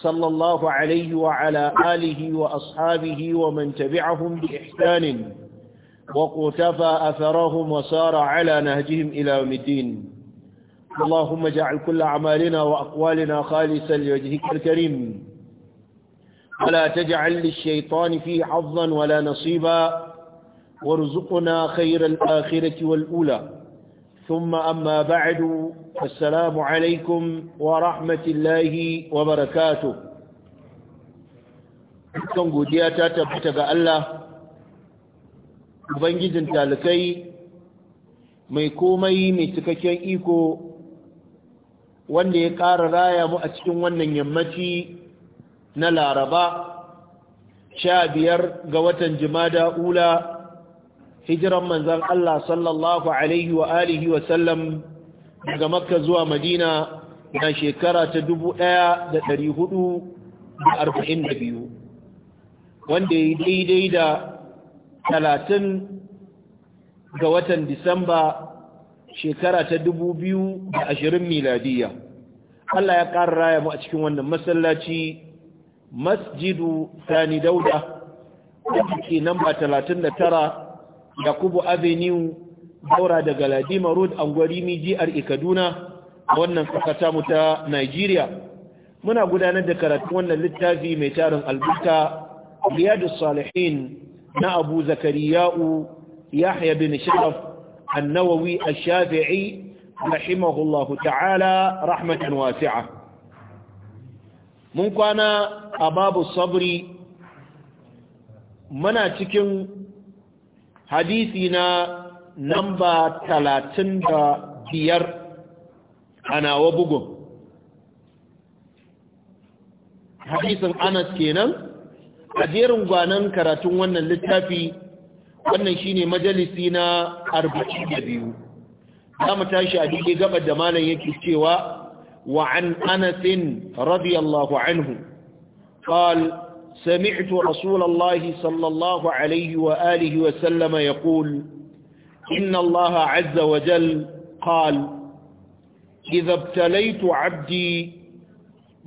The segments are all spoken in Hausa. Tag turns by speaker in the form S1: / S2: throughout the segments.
S1: صلى الله عليه وعلى آله وأصحابه ومن تبعهم بإحسان وقتفى أثرهم وسار على نهجهم إلى يوم الدين اللهم اجعل كل أعمالنا وأقوالنا خالصا لوجهك الكريم ولا تجعل للشيطان فيه حظا ولا نصيبا وارزقنا خير الآخرة والأولى ثم أما بعد السلام عليكم ورحمة الله وبركاته kan godiya ta tabbata ga Allah ubangijin talikai mai komai mai cikakken iko wanda ya ƙara raya mu a cikin wannan yammaci na laraba sha biyar ga watan jimada ula hijiran manzan Allah sallallahu alaihi wa alihi wa sallam daga makka zuwa madina na shekara ta biyu, wanda ya daidai da talatin ga watan disamba shekara ta ashirin miladiya Allah ya ƙara raya mu a cikin wannan masallaci masjidu sani dauda da ke namba tara. yakubu avenue daura daga ladima road angwarimi jihar e kaduna wannan kasa mu ta nigeria muna gudanar da karatun wannan littafi mai tarin albuta riyadu salihin na abu zakariya'u yahya bin sharaf annawawi a shafii rahimahullahu ta'ala rahmatan wasi'a mun kwana a babu sabri muna cikin hadisi na namba talatin da biyar a nawa bugun hadisin anas kenan a jerin gwanan karatun wannan littafi wannan shine majalisi na arba'in da biyu za mu tashi a daidai gaba da malam yake cewa wa anasin radiyallahu anhu قال سمعت رسول الله صلى الله عليه وآله وسلم يقول إن الله عز وجل قال إذا ابتليت عبدي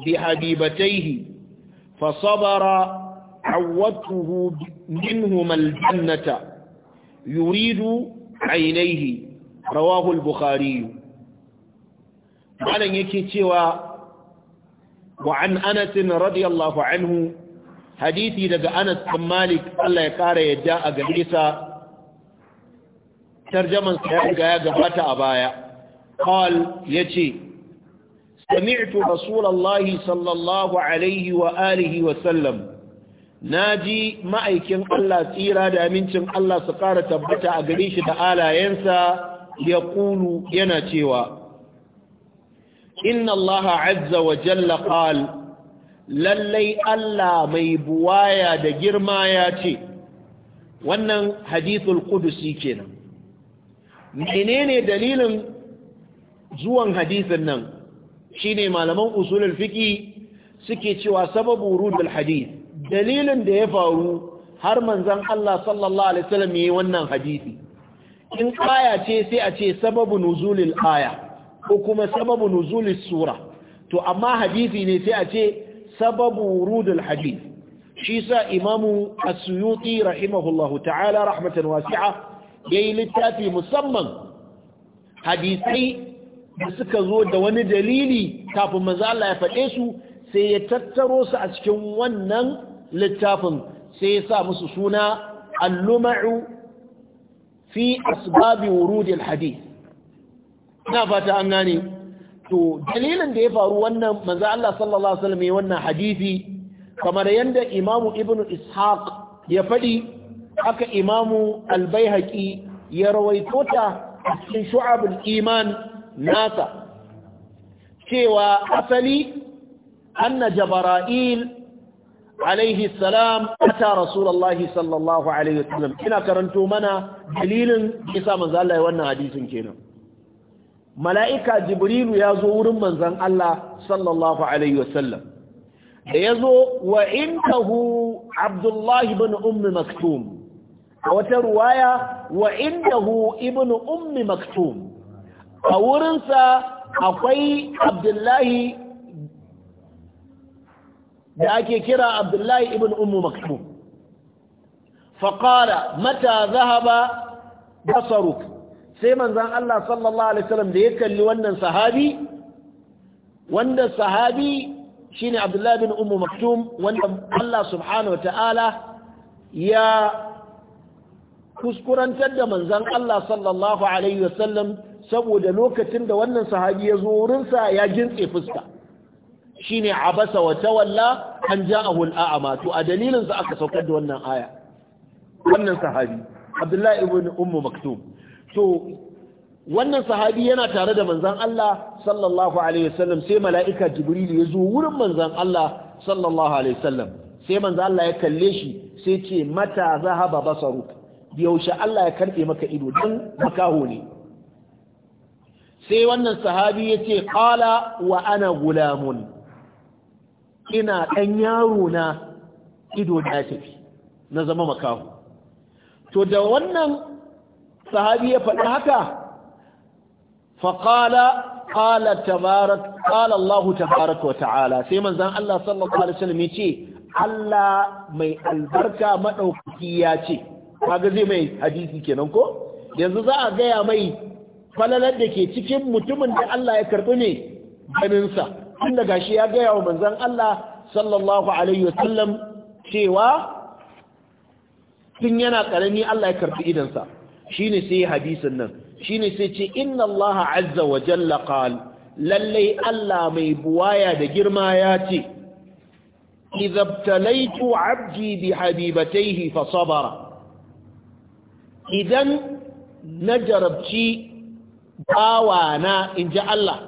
S1: بحبيبتيه فصبر عوته منهما الجنة يريد عينيه رواه البخاري قال وعن أنس رضي الله عنه hadisi daga Anas bin Malik Allah ya kara yadda a gare sa tarjaman sa ya ya gabata a baya qal yace sami'tu rasulullahi sallallahu alaihi wa alihi wa sallam naji ma'aikin Allah tsira da amincin Allah su kara tabbata a gare shi da alayensa ya kulu yana cewa inna Allah azza wa jalla qala lallai Allah mai buwaya da girma ya ce wannan hadithul qudusi kenan menene dalilin zuwan hadithin nan shine malaman usulul fiqi suke cewa sababu rudul hadith dalilin da ya faru har manzon Allah sallallahu alaihi wasallam yayi wannan hadisi in aya ce sai a ce sababu nuzulil aya ko kuma sababu nuzulil sura to amma hadisi ne sai a ce sababu wurudul hadith shi sa imamu as-suyuti rahimahullahu ta'ala rahmatan wasi'a yayi littafi musamman hadisai da suka zo da wani dalili kafin manzo Allah ya faɗe su sai ya tattaro su a cikin wannan littafin sai ya sa musu suna al-lum'u fi asbab wurud al na fata an gane to dalilin da ya faru wannan manzo Allah sallallahu alaihi wasallam wannan hadisi kamar yanda Imam Ibn Ishaq ya fadi haka imam'u Al-Baihaqi ya rawaito ta cikin Shu'abul Iman nasa cewa asali anna Jabra'il alaihi salam ata Rasulullahi sallallahu alaihi wasallam ina karanto mana dalilin kisa manzo Allah ya wannan hadisin kenan mala'ika jibrilu ya zo wurin manzan Allah sallallahu alaihi wasallam da ya zo wa indahu abdullahi bin ummi maktum a wata ruwaya wa indahu ibn ummi maktum a wurinsa akwai abdullahi da ake kira abdullahi ibn ummi maktum faƙara mata zahaba basaruk sai manzan Allah sallallahu alaihi wasallam da ya kalli wannan sahabi wanda sahabi shine Abdullah bin Ummu Maktum wanda Allah subhanahu ta'ala ya kuskurantar da manzan Allah sallallahu alaihi wasallam saboda lokacin da wannan sahabi ya zo wurinsa ya jintse fuska Shi ne abasa wa tawalla an ja'ahu al'ama to a dalilinsa aka saukar da wannan aya wannan sahabi Abdullahi ibn Ummu Maktum to wannan sahabi yana tare da manzan Allah sallallahu alaihi wasallam sai mala'ika jibril ya zo wurin manzan Allah sallallahu alaihi wasallam sai manzan Allah ya kalle shi sai ce mata zahaba basaru yaushe Allah ya karbe maka ido dan makaho ne sai wannan sahabi ya ce ƙala wa ana gulamun ina ɗan yaro na ido na tafi na zama makaho to da wannan sahabi ya faɗi haka faƙala ƙala tabarat, ƙala Allah tabarak wa ta'ala sai manzan Allah sallallahu alaihi wasallam ya ce Allah mai albarka maɗaukaki ya ce kaga zai mai hadisi kenan ko yanzu za a gaya mai falalar da ke cikin mutumin da Allah ya karɓi ne ganinsa tunda gashi ya gaya wa manzan Allah sallallahu alaihi wasallam cewa tun yana ƙarami Allah ya karɓi idonsa. ne sai hadisin nan ne sai ce inna Allah azza wa jalla qal Lallai Allah mai buwaya da girma ya ce idabtalaitu abdi bi habibatayhi fa sabara idan na jarabci bawana inji Allah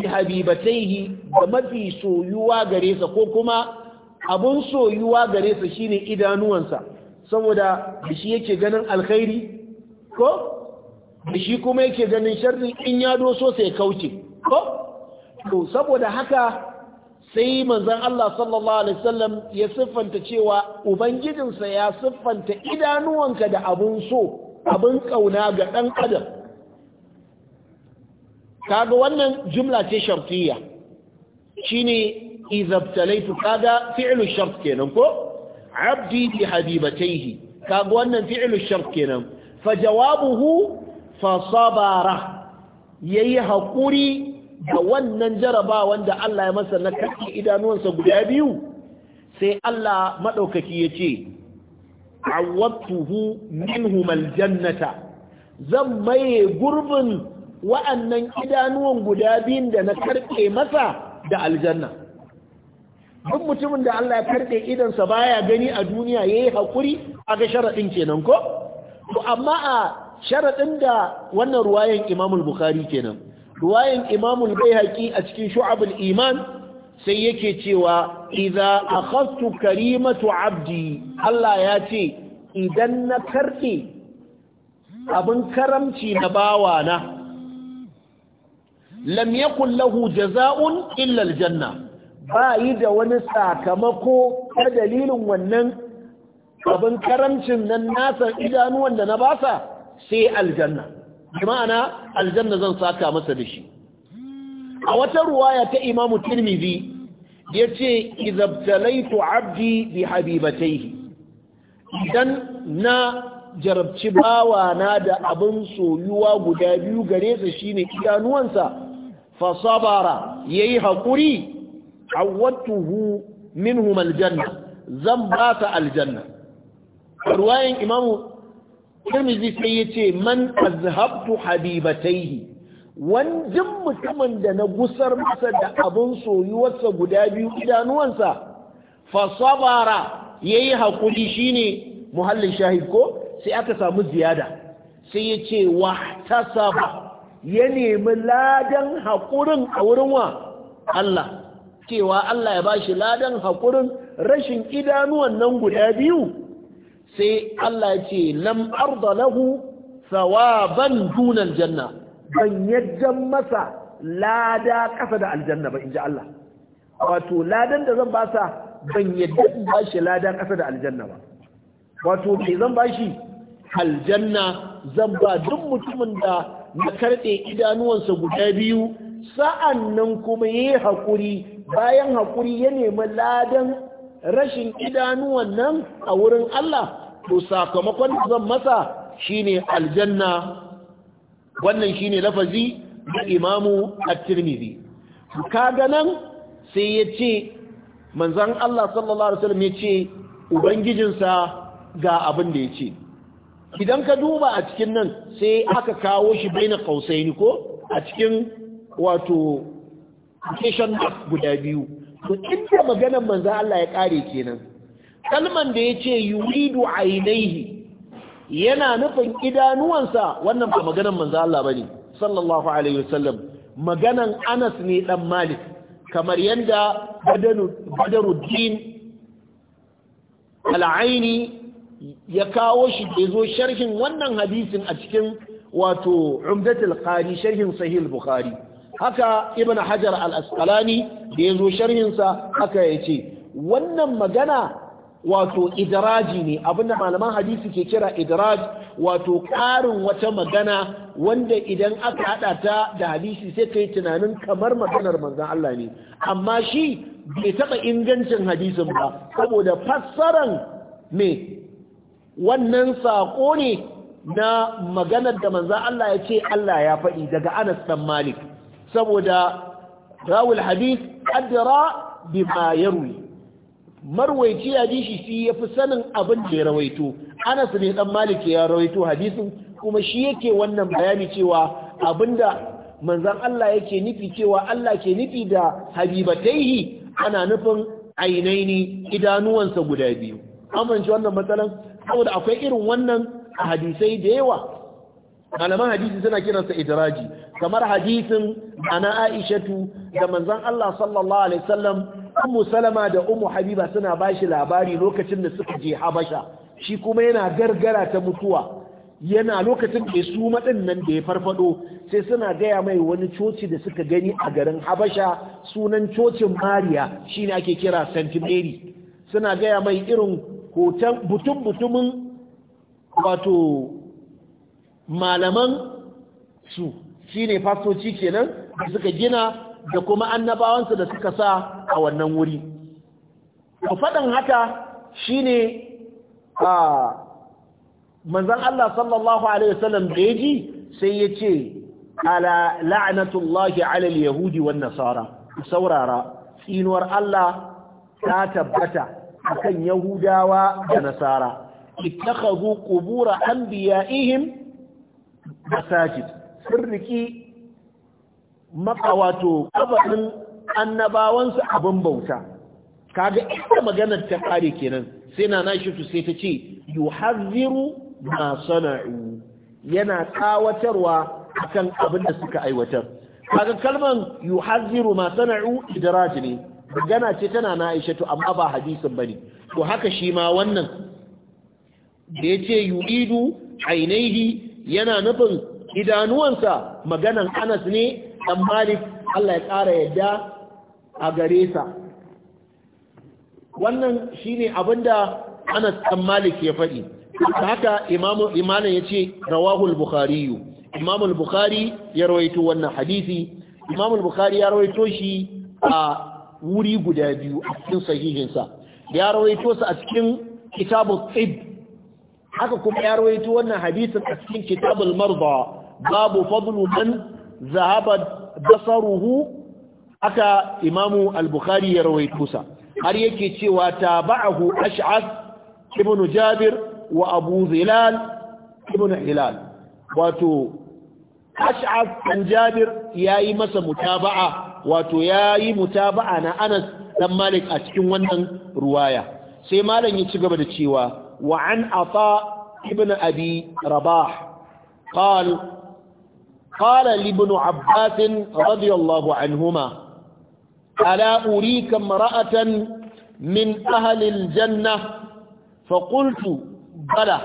S1: bi habibatayhi da mafi soyuwa gare sa ko kuma abun soyuwa gare sa shine idanuwansa saboda bishi yake ganin alkhairi ko bishi kuma yake ganin sharri in ya doso sai kauce ko to saboda haka sai manzon Allah sallallahu alaihi wasallam ya siffanta cewa ubangijinsa ya siffanta idanuwanka da abun so abun kauna ga dan adam kaga wannan jumla ce shartiyya shine btalaytu kaga fi'lu shart kenan ko abdi bi habibataihi kaga wannan fi'lu shart kenan fa jawabuhu fa sabara yayi hakuri da wannan jaraba wanda Allah ya masa na kaki idanuwansa guda biyu sai Allah madaukaki yace awwatuhu minhum aljannata zan maye gurbin wa'annan idanuwan guda biyun da na karke masa da aljanna duk mutumin da Allah ya karɓe idansa baya gani a duniya yayi a ga sharaɗin kenan ko to amma a sharaɗin da wannan ruwayan Imamul bukhari kenan ruwayan imamul bai haƙi a cikin Shu'abul Iman sai yake cewa a akhadtu karimatu abdi Allah ya ce idan na karɓe abin karamci na bawana lam yakun lahu jaza'un illal janna. ba yi da wani sakamako ta dalilin wannan abin karancin nan nasa idanuwan da na basa sai aljanna ma'ana aljanna zan saka masa da shi a wata ruwaya ta imamu tirmidhi ya ce izabtalaitu abdi bi habibataihi idan na jarabci bawana da abin soyuwa guda biyu gare su shine idanuwansa fa sabara yayi hakuri awwatuhu minhum aljanna zan ba aljanna ruwayan imamu tirmizi sai yace man azhabtu habibataihi wanjin mutumin da na gusar masa da abin soyuwarsa guda biyu idanuwansa fa sabara yayi hakuri shine muhallin shahid ko sai aka samu ziyada sai ya ce wa tasaba ya nemi ladan haƙurin a wurin wa Allah cewa Allah ya bashi ladan haƙurin rashin idanuwan nan guda biyu sai Allah ya ce lam arda lahu thawaban duna aljanna ban yadda masa lada kasa da aljanna ba inji Allah wato ladan da zan basa ban yadda in bashi lada kasa da aljanna ba wato me zan bashi aljanna zan ba duk mutumin da na karɗe idanuwansa guda biyu sa'an nan kuma yi haƙuri bayan hakuri ya nemi ladan rashin idanuwan nan a wurin Allah to sakamakon zan masa shine aljanna wannan shine lafazi da imamu at-tirmidhi kaga nan sai ya ce manzon Allah sallallahu alaihi wasallam ya ce ubangijinsa ga abin da ya ce idan ka duba a cikin nan sai aka kawo shi baina kausaini ko a cikin wato quotation mark guda biyu to inda maganar manzo Allah ya kare kenan kalman da yace yuridu ainaihi yana nufin idanuwansa wannan ba maganar manzo Allah bane sallallahu alaihi wasallam maganan Anas ne dan Malik kamar yanda Badaruddin Al-Aini ya kawo shi da zo sharhin wannan hadisin a cikin wato Umdatul Qari sharhin Sahih Bukhari haka ibn hajar al-asqalani da yazo zo sharhinsa haka ya wannan magana wato idraji ne abinda malaman hadisi ke kira idraj wato ƙarin wata magana wanda idan aka haɗa ta da hadisi sai kai tunanin kamar maganar manzan Allah ne amma shi bai taɓa ingancin hadisin ba saboda fassaran me wannan saƙo ne na maganar da manzan Allah ya ce Allah ya faɗi daga Anas ɗan Malik saboda rawul hadith adra bima yarwi marwaici hadisi shi yafi sanin abin da ya rawaito Anas ne dan Malik ya rawaito hadisin kuma shi yake wannan bayani cewa abinda manzon Allah yake nufi cewa Allah ke nufi da habibataihi ana nufin ainaini idanuwansa guda biyu amince wannan matsalan saboda akwai irin wannan hadisai da yawa malaman hadisi suna kiransa idraji kamar hadisin ana aishatu da manzon Allah sallallahu alaihi wasallam ummu salama da ummu habiba suna bashi labari lokacin da suka je habasha shi kuma yana gargara ta mutuwa yana lokacin da su madin nan da ya farfado sai suna gaya mai wani coci da suka gani a garin habasha sunan cocin mariya shine ake kira st mary suna gaya mai irin hoton butun-butumin wato malaman su shine fastoci kenan da suka gina da kuma annabawansu da suka sa a wannan wuri ku faɗin haka shine a manzon Allah sallallahu alaihi wasallam da yaji sai ya ce ala la'natullahi ala al-yahudi wan nasara saurara tsinuwar Allah ta tabbata akan yahudawa da nasara ittakhadhu qubur anbiya'ihim masajid sun riki maka wato kabarin annabawansu abin bauta kaga ita maganar ta ƙare kenan sai na nashi su sai ta ce yuhazziru ma sana'u yana tsawatarwa akan abin da suka aiwatar kaga kalman 'Yu'haziru ma sana'u idraj ne Gana ce tana na Aisha to amma ba hadisin ba ne. to haka shi ma wannan da yi yu'idu ainihi yana nufin idanuwansa maganan anas ne dan malik Allah ya ƙara yadda a gare sa wannan shine abinda anas dan malik ya faɗi haka imamu imanin ya ce rawahul bukhari imamul bukhari ya rawaito wannan hadisi imamul bukhari ya rawaito shi a wuri guda biyu a cikin sahihinsa ya rawaito sa a cikin kitabun tsib haka kuma ya rawaito wannan hadisin a cikin kitabul marda babu fadlu man zahaba basaruhu aka imamu al-bukhari ya rawaito sa har yake cewa tabahu ash'ath ibn jabir wa abu zilal ibn hilal wato ash'ath an jabir yayi masa mutaba'a wato yayi mutaba'a na Anas dan Malik a cikin wannan ruwaya sai malam ya ci gaba da cewa وعن عطاء ابن أبي رباح قال قال لابن عباس رضي الله عنهما ألا أريك امرأة من أهل الجنة فقلت بلى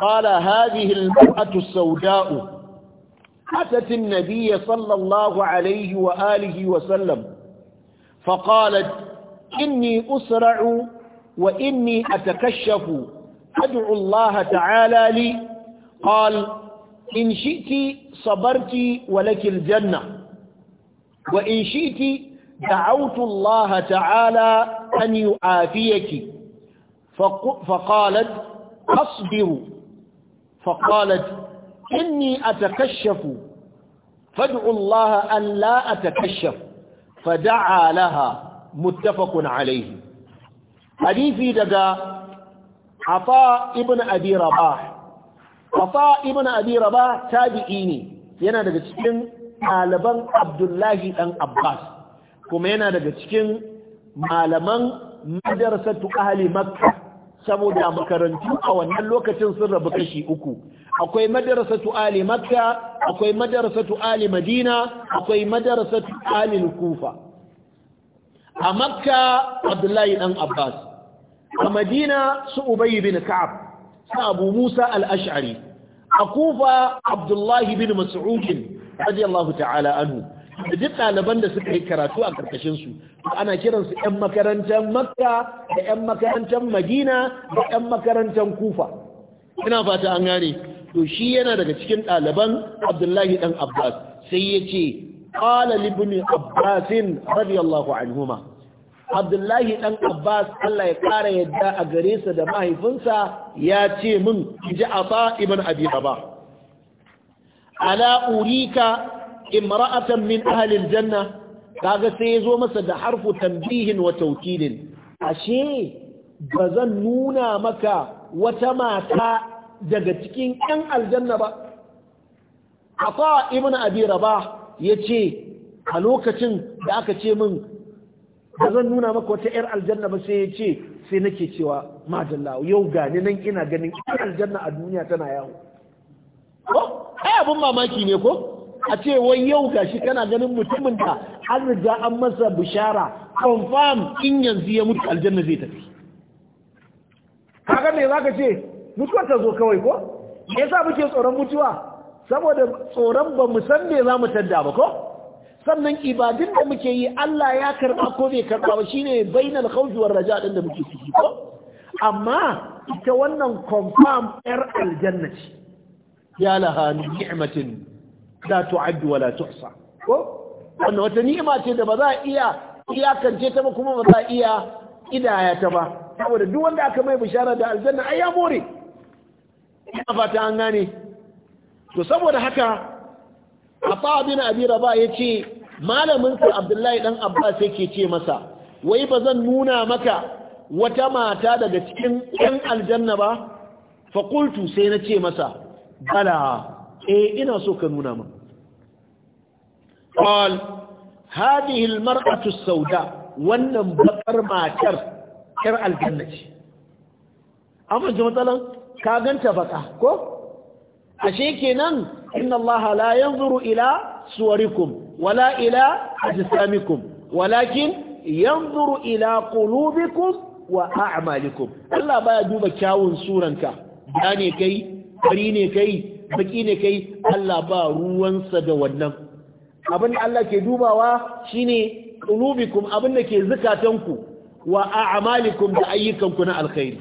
S1: قال هذه المرأة السوداء أتت النبي صلى الله عليه وآله وسلم فقالت إني أسرع وإني أتكشف أدعو الله تعالى لي قال إن شئت صبرت ولك الجنة وإن شئت دعوت الله تعالى أن يعافيك فقالت أصبر فقالت إني أتكشف فادعوا الله أن لا أتكشف فدعا لها متفق عليه hadisi daga afa ibn abi rabah afa ibn abi rabah tabi'i ne yana daga cikin ɗaliban abdullahi dan abbas kuma yana daga cikin malaman madrasatu ahli makka saboda makarantu a wannan lokacin sun rabu kashi uku akwai madrasatu ahli makka akwai madrasatu ahli madina akwai madrasatu ahli kufa a makka abdullahi dan abbas a madina su ubayi bin ka'ab sa abu musa al-ash'ari a kufa abdullahi bin mas'ud radiyallahu ta'ala anhu da duk ɗaliban da suka yi karatu a ƙarƙashinsu su ana kiran su ƴan makarantar makka da ƴan makarantar madina da ƴan makarantar kufa ina fata an gane to shi yana daga cikin ɗaliban abdullahi ɗan abbas sai ya ce ƙala abbasin radiyallahu anhuma abdullahi Ɗan abbas allah ya ƙara yadda a gare sa da mahaifinsa ya ce min ji afa ibn abi rabah ala urika imra'atan min ahli aljanna kaga sai yazo masa da harfu tanbihin wa tawkidin ashe bazan nuna maka wata mata daga cikin ƴan aljanna ba afa ibn abi rabah yace a lokacin da aka ce min ba zan nuna maka wata yar aljanna ba sai ya ce sai nake cewa madalla yau gani nan ina ganin yar aljanna a duniya tana yawo ko ai abin mamaki ne ko a ce wai yau ga shi kana ganin mutumin da an riga an masa bishara confirm in yanzu ya mutu aljanna zai tafi kaga me zaka ce mutuwar ta zo kawai ko me yasa muke tsoron mutuwa saboda tsoron ba mu san me za mu tadda ba ko sannan ibadun da muke yi Allah ya karba ko bai karba ba shine bainal khawfi raja din da muke ciki ko amma ita wannan confirm yar aljanna ce ya laha ni'matin la tu'addu wa la tuhsa ko wannan wata ni'ima ce da ba za a iya iyakance ta ba kuma ba za a iya idaya ta ba saboda duk wanda aka mai bishara da aljanna ai ya more ina fata an gane to saboda haka Afa bin Abi Rabah yace malamin sa Abdullahi dan Abbas yake ce masa wai ba zan nuna maka wata mata daga cikin ɗan aljanna ba fa sai na ce masa bala eh ina so ka nuna min qal hilmar almar'atu sauda wannan bakar matar kar aljanna ce amma matsalan ka ganta baka ko ashe kenan inna allaha la yanzuru ila suwarikum wala ila ajsamikum walakin yanzuru ila qulubikum wa a'malikum Allah baya duba kyawun suranka da ne kai bari ne kai baki ne kai Allah ba ruwansa da wannan abin Allah ke dubawa shine qulubikum abin da ke zukatanku wa a'malikum da ayyukanku na alkhairi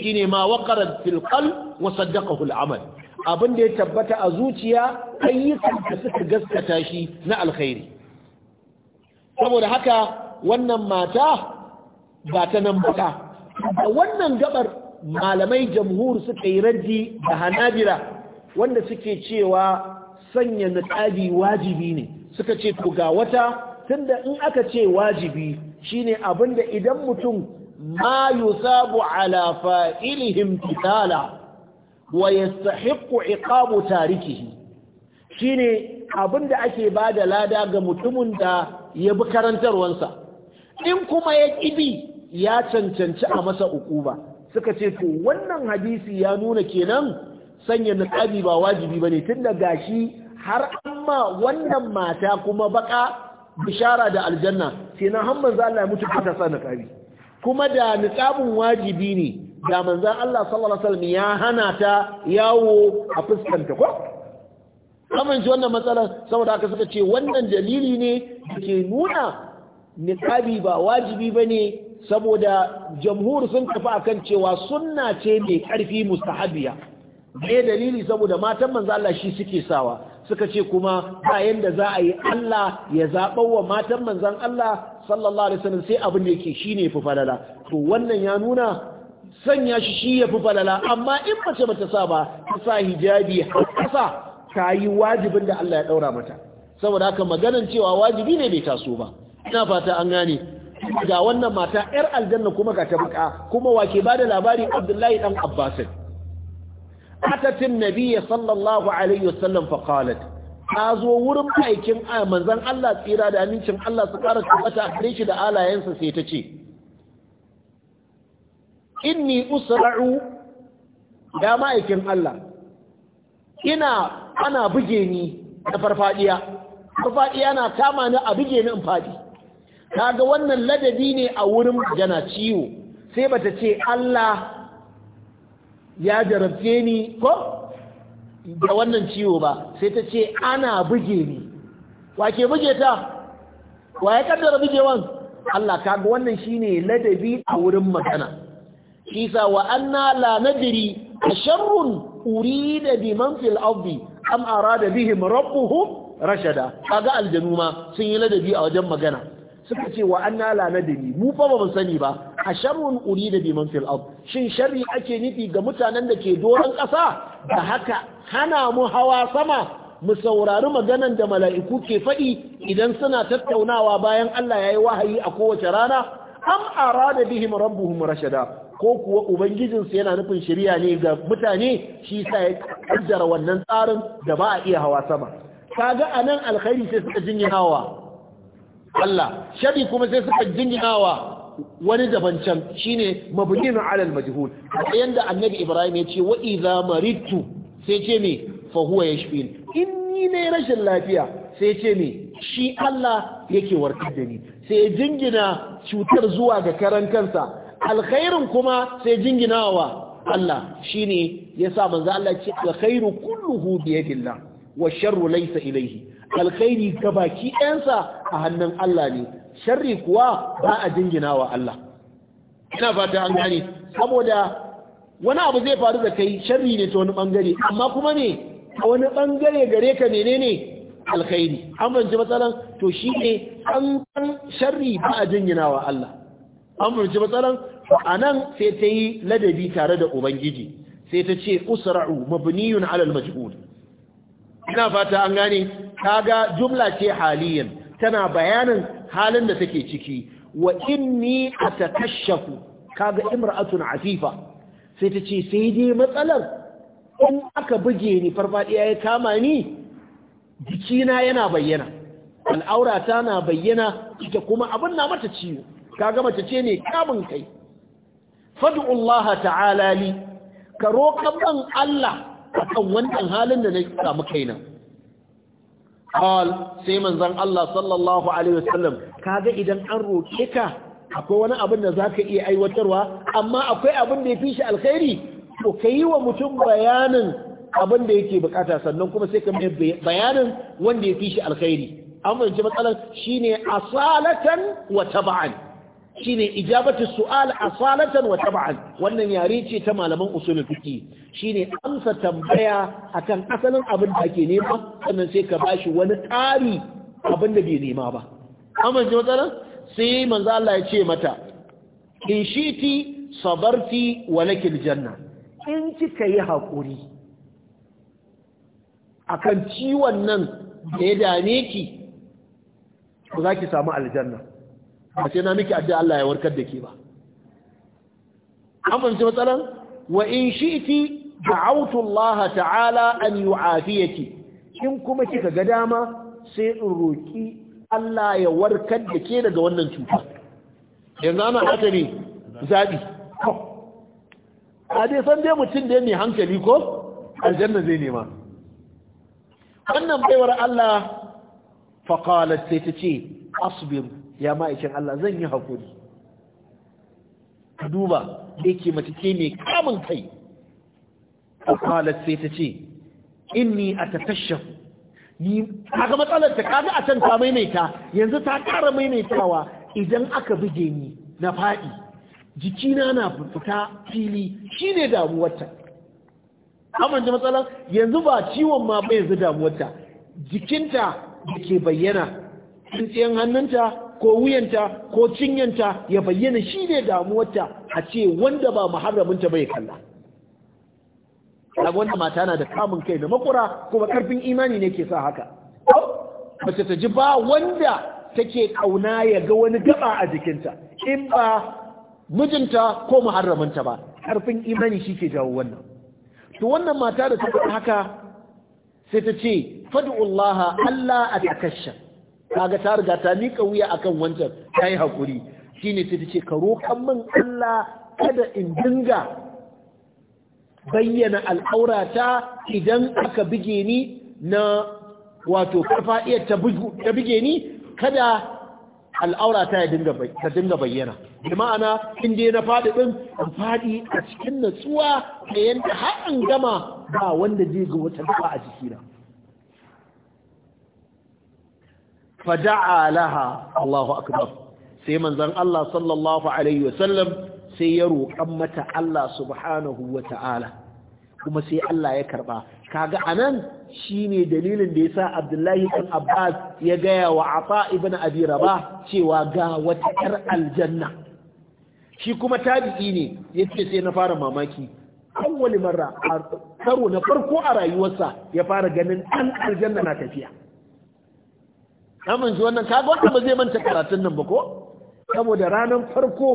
S1: shine ma waqara fil qalb wa saddaqahu al amal abin da ya tabbata a zuciya ayyukan da suka gaskata shi na alkhairi saboda haka wannan mata ba ta nan bata da wannan gabar malamai jamhur suka yi raddi da hanabira wanda suke cewa sanya niqabi wajibi ne suka ce ku ga wata tunda in aka ce wajibi shine abinda idan mutum ma yusabu ala fa'ilihim titala wa yastahiqqu iqabu tarikihi shine abinda ake bada lada ga mutumin da ya bi karantarwansa in kuma ya kibi ya cancanci a masa ukuba suka ce to wannan hadisi ya nuna kenan sanya niqabi ba wajibi bane tunda gashi har amma wannan mata kuma baka bishara da aljanna Sai kenan har manzo Allah ya mutu ta sa niqabi kuma da niqabun wajibi ne da manzan Allah sallallahu alaihi wasallam ya hana ta yawo a fuskanta ko amince wannan matsalar saboda aka suka ce wannan dalili ne da ke nuna niƙabi ba wajibi ba ne saboda jamhur sun tafi kan cewa sunna ce mai karfi mustahabiya me dalili saboda matan manzan Allah shi suke sawa suka ce kuma ba yanda za a yi Allah ya zaɓa wa matan manzan Allah sallallahu alaihi wasallam sai abin da yake shine fi falala to wannan ya nuna sanya shi shi ya fi falala amma in mace bata sa ba ta sa hijabi har ƙasa ta yi wajibin da Allah ya ɗaura mata saboda haka maganan cewa wajibi ne bai taso ba ina fata an gane ga wannan mata yar aljanna kuma ga tabaka kuma wake da labari Abdullahi dan Abbas atatin nabiyyi sallallahu alaihi wasallam fa qalat ta zo wurin aikin manzon Allah tsira da amincin Allah su kara tabbata a shi da alayensa sai ta ce inni usra'u da ma'aikin Allah ina ana buge ni da farfadiya farfadiya na kama ni a buge ni in fadi kaga wannan ladabi ne a wurin jana ciwo sai bata ce Allah ya jarabce ni ko da wannan ciwo ba sai ta ce ana buge ni Wa ke buge ta wa ya kaddara bugewan Allah kaga wannan shine ladabi a wurin magana kisa wa anna la nadri asharrun urida biman fil ardi am arada bihim rabbuhum rashada kaga aljanu ma sun yi ladabi a wajen magana suka ce wa anna la nadri mu fa ba mu sani ba asharrun urida biman fil ard shin sharri ake nufi ga mutanen da ke doron ƙasa da haka hana mu hawa sama mu saurari maganan da mala'iku ke faɗi idan suna tattaunawa bayan Allah ya yi wahayi a kowace rana am arada bihim rabbuhum rashada ko kuwa ubangijinsu yana nufin shari'a ne ga mutane shi sa ya kaddara wannan tsarin da ba a iya hawa sama kaga anan alkhairi sai suka jinyinawa Allah shari kuma sai suka jinyinawa wani daban can shine mabnin majhul almajhul yanda annabi ibrahim ya ce wa idza maridtu sai ce me fa huwa yashfin inni ne rashin lafiya sai ce me shi Allah yake warkar da ni sai jingina cutar zuwa ga karan kansa alkhairin kuma sai jinginawa Allah shine yasa manzo Allah ce alkhairu kulluhu bi yadillah wa sharru laysa ilayhi alkhairi gabaki ɗansa a hannun Allah ne sharri kuwa ba a jinginawa Allah ina fata an gane saboda wani abu zai faru da kai sharri ne ta wani bangare amma kuma ne a wani bangare gare ka menene alkhairi an banci matsalan to shine an sharri ba a jinginawa Allah an matsalar? matsalan a nan sai ta yi ladabi tare da ubangiji sai ta ce usra'u mabniyun alal majhul ina fata an gane kaga jumla ce haliyan tana bayanin halin da take ciki wa inni atakashafu kaga imra'atun afifa sai ta ce sai dai matsalar in aka buge ni farfadiya ya kama ni jikina yana bayyana al'aurata na bayyana ita kuma abin na mata ciwo kaga mace ce ne kamun kai fad'ullaha ta'ala li ka roƙa ban Allah akan wannan halin da na samu kaina qal sai manzon Allah sallallahu alaihi wasallam kaga idan an roƙe ka akwai wani abin da zaka iya aiwatarwa amma akwai abin da ya fi shi alkhairi to kayi wa mutum bayanin abin da yake bukata sannan kuma sai ka mai bayanin wanda ya fi shi alkhairi an fahimci matsalar shine asalatan wa taba'an ne ijabatu su'al asalatan wa tab'an wannan yare ce ta malaman usulul Shi ne amsa tambaya akan asalin abin da ake nema sannan sai ka ba shi wani tsari abin da bai nema ba amma ji matsala sai manzo Allah ya ce mata in shiti sabarti wa lakil janna in kika yi hakuri akan ciwon nan da ya dame ki za ki samu aljanna ba sai na miki addu'a Allah ya warkar da ke ba an fahimci matsalan wa in shi'ti da'awtu Allah ta'ala an yu'afiyaki in kuma kika ga dama sai in roki Allah ya warkar da ke daga wannan cuta yanzu ana haka ne zabi a dai san dai mutum da mai hankali ko aljanna zai nema wannan baiwar Allah faqalat sai ta ce asbir ya ma'aikin Allah zan yi haƙuri ka duba da yake mace ce mai kamun kai kwalat sai ta ce inni a ta tafashahu ni kaga matsalar ta kaga a can ta maimaita yanzu ta ƙara maimaitawa idan aka buge ni na faɗi jikina na fita fili shi ne damuwarta amma da matsalar yanzu ba ciwon ma ba yanzu damuwarta jikinta da ke bayyana tsintsiyan hannunta ko wuyanta ko cinyanta ya bayyana shi ne damuwarta a ce wanda ba muharraminta bai kalla kaga wanda mata na da kamun kai da makura kuma karfin imani ne ke sa haka mace ta ji ba wanda take kauna ya ga wani gaba a jikinta in ba mijinta ko muharraminta ba karfin imani shi ke jawo wannan to wannan mata da ta haka sai ta ce fad'ullaha Allah a takashen kaga ta riga ta mika wuya akan wancan ta yi shine sai ta ce ka rokan min Allah kada in dinga bayyana al'aurata idan aka bige ni na wato iya ta bige ni kada al'aurata ya dinga bayyana bi ma'ana dai na faɗi din in faɗi a cikin natsuwa da har an gama ba wanda zai ga wata dafa a jikina. fada'a laha Allahu akbar sai manzon Allah sallallahu alaihi wasallam sai ya roƙan mata Allah subhanahu wata'ala kuma sai Allah ya karba kaga anan shine dalilin da yasa Abdullahi ibn Abbas ya gaya wa Afa ibn Abi Rabah cewa ga wata ƴar aljanna shi kuma tabi'i ne yace sai na fara mamaki awwali marra karo na farko a rayuwarsa ya fara ganin an aljanna na tafiya amin ji wannan kaga wanda ba zai manta karatun nan ba ko saboda ranar farko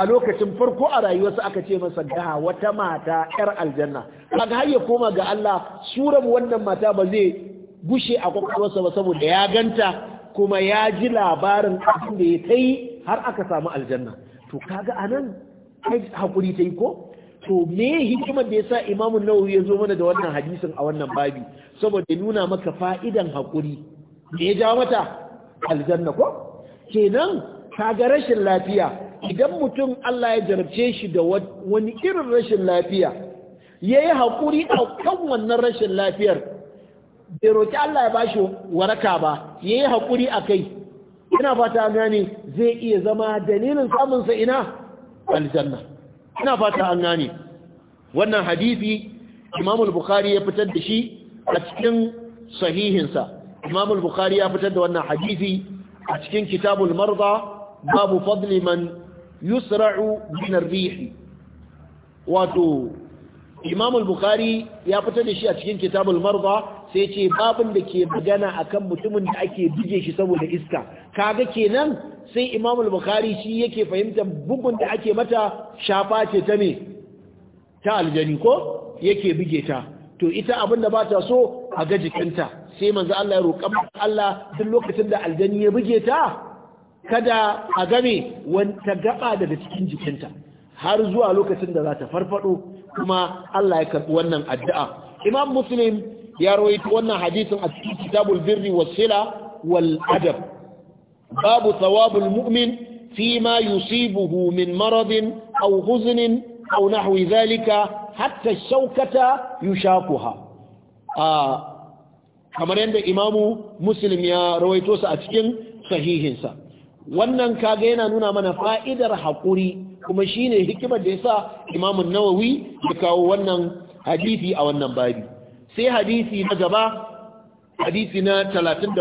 S1: a lokacin farko a rayuwarsa aka ce masa ga wata mata yar aljanna kaga har ya koma ga Allah surar wannan mata ba zai gushe a kwakwarsa ba saboda ya ganta kuma ya ji labarin abin da ya ta yi har aka samu aljanna to kaga anan haƙuri ta yi ko to me hikimar da ya sa imamun nawawi ya zo mana da wannan hadisin a wannan babi saboda nuna maka fa'idan haƙuri. me ya jawo mata aljanna ko kenan ga rashin lafiya idan mutum Allah ya jarabce shi da wani irin rashin lafiya yayi haƙuri a kan wannan rashin lafiyar bai roƙi Allah ya bashi waraka ba ya yi haƙuri a kai. ina fata gane zai iya zama dalilin samun sa ina aljanna ina fata an gane wannan hadisi imamul bukhari ya fitar da shi a cikin sahihinsa imam al-bukhari ya fitar da wannan hadisi a cikin kitabul marda babu fadli man yusra'u min ar-rih wato imam al-bukhari ya fitar da shi a cikin kitabul marda sai ce babin da ke magana akan mutumin da ake buge shi saboda iska kaga kenan sai imam al-bukhari shi yake fahimtar bugun da ake mata shafa ce ta me ta aljani ko yake buge ta to ita abinda ba ta so a ga jikinta sai manzo Allah ya roƙa Allah duk lokacin da aljani ya buge ta kada a game wanta gaba daga cikin jikinta har zuwa lokacin da za ta farfado kuma Allah ya karɓi wannan addu'a Imam Muslim ya rawaito wannan hadisin a cikin Kitabul Birri was Sila wal Adab babu thawabul mu'min فيما yusibuhu من مرض أو غزن أو نحو ذلك hatta الشوكة يشاقها آه kamar yadda imamu muslim ya rawaito sa a cikin sahihinsa wannan kaga yana nuna mana fa'idar haƙuri kuma shine hikimar da sa imamun nawawi ya kawo wannan hadisi a wannan babi sai hadisi na gaba hadisi na 37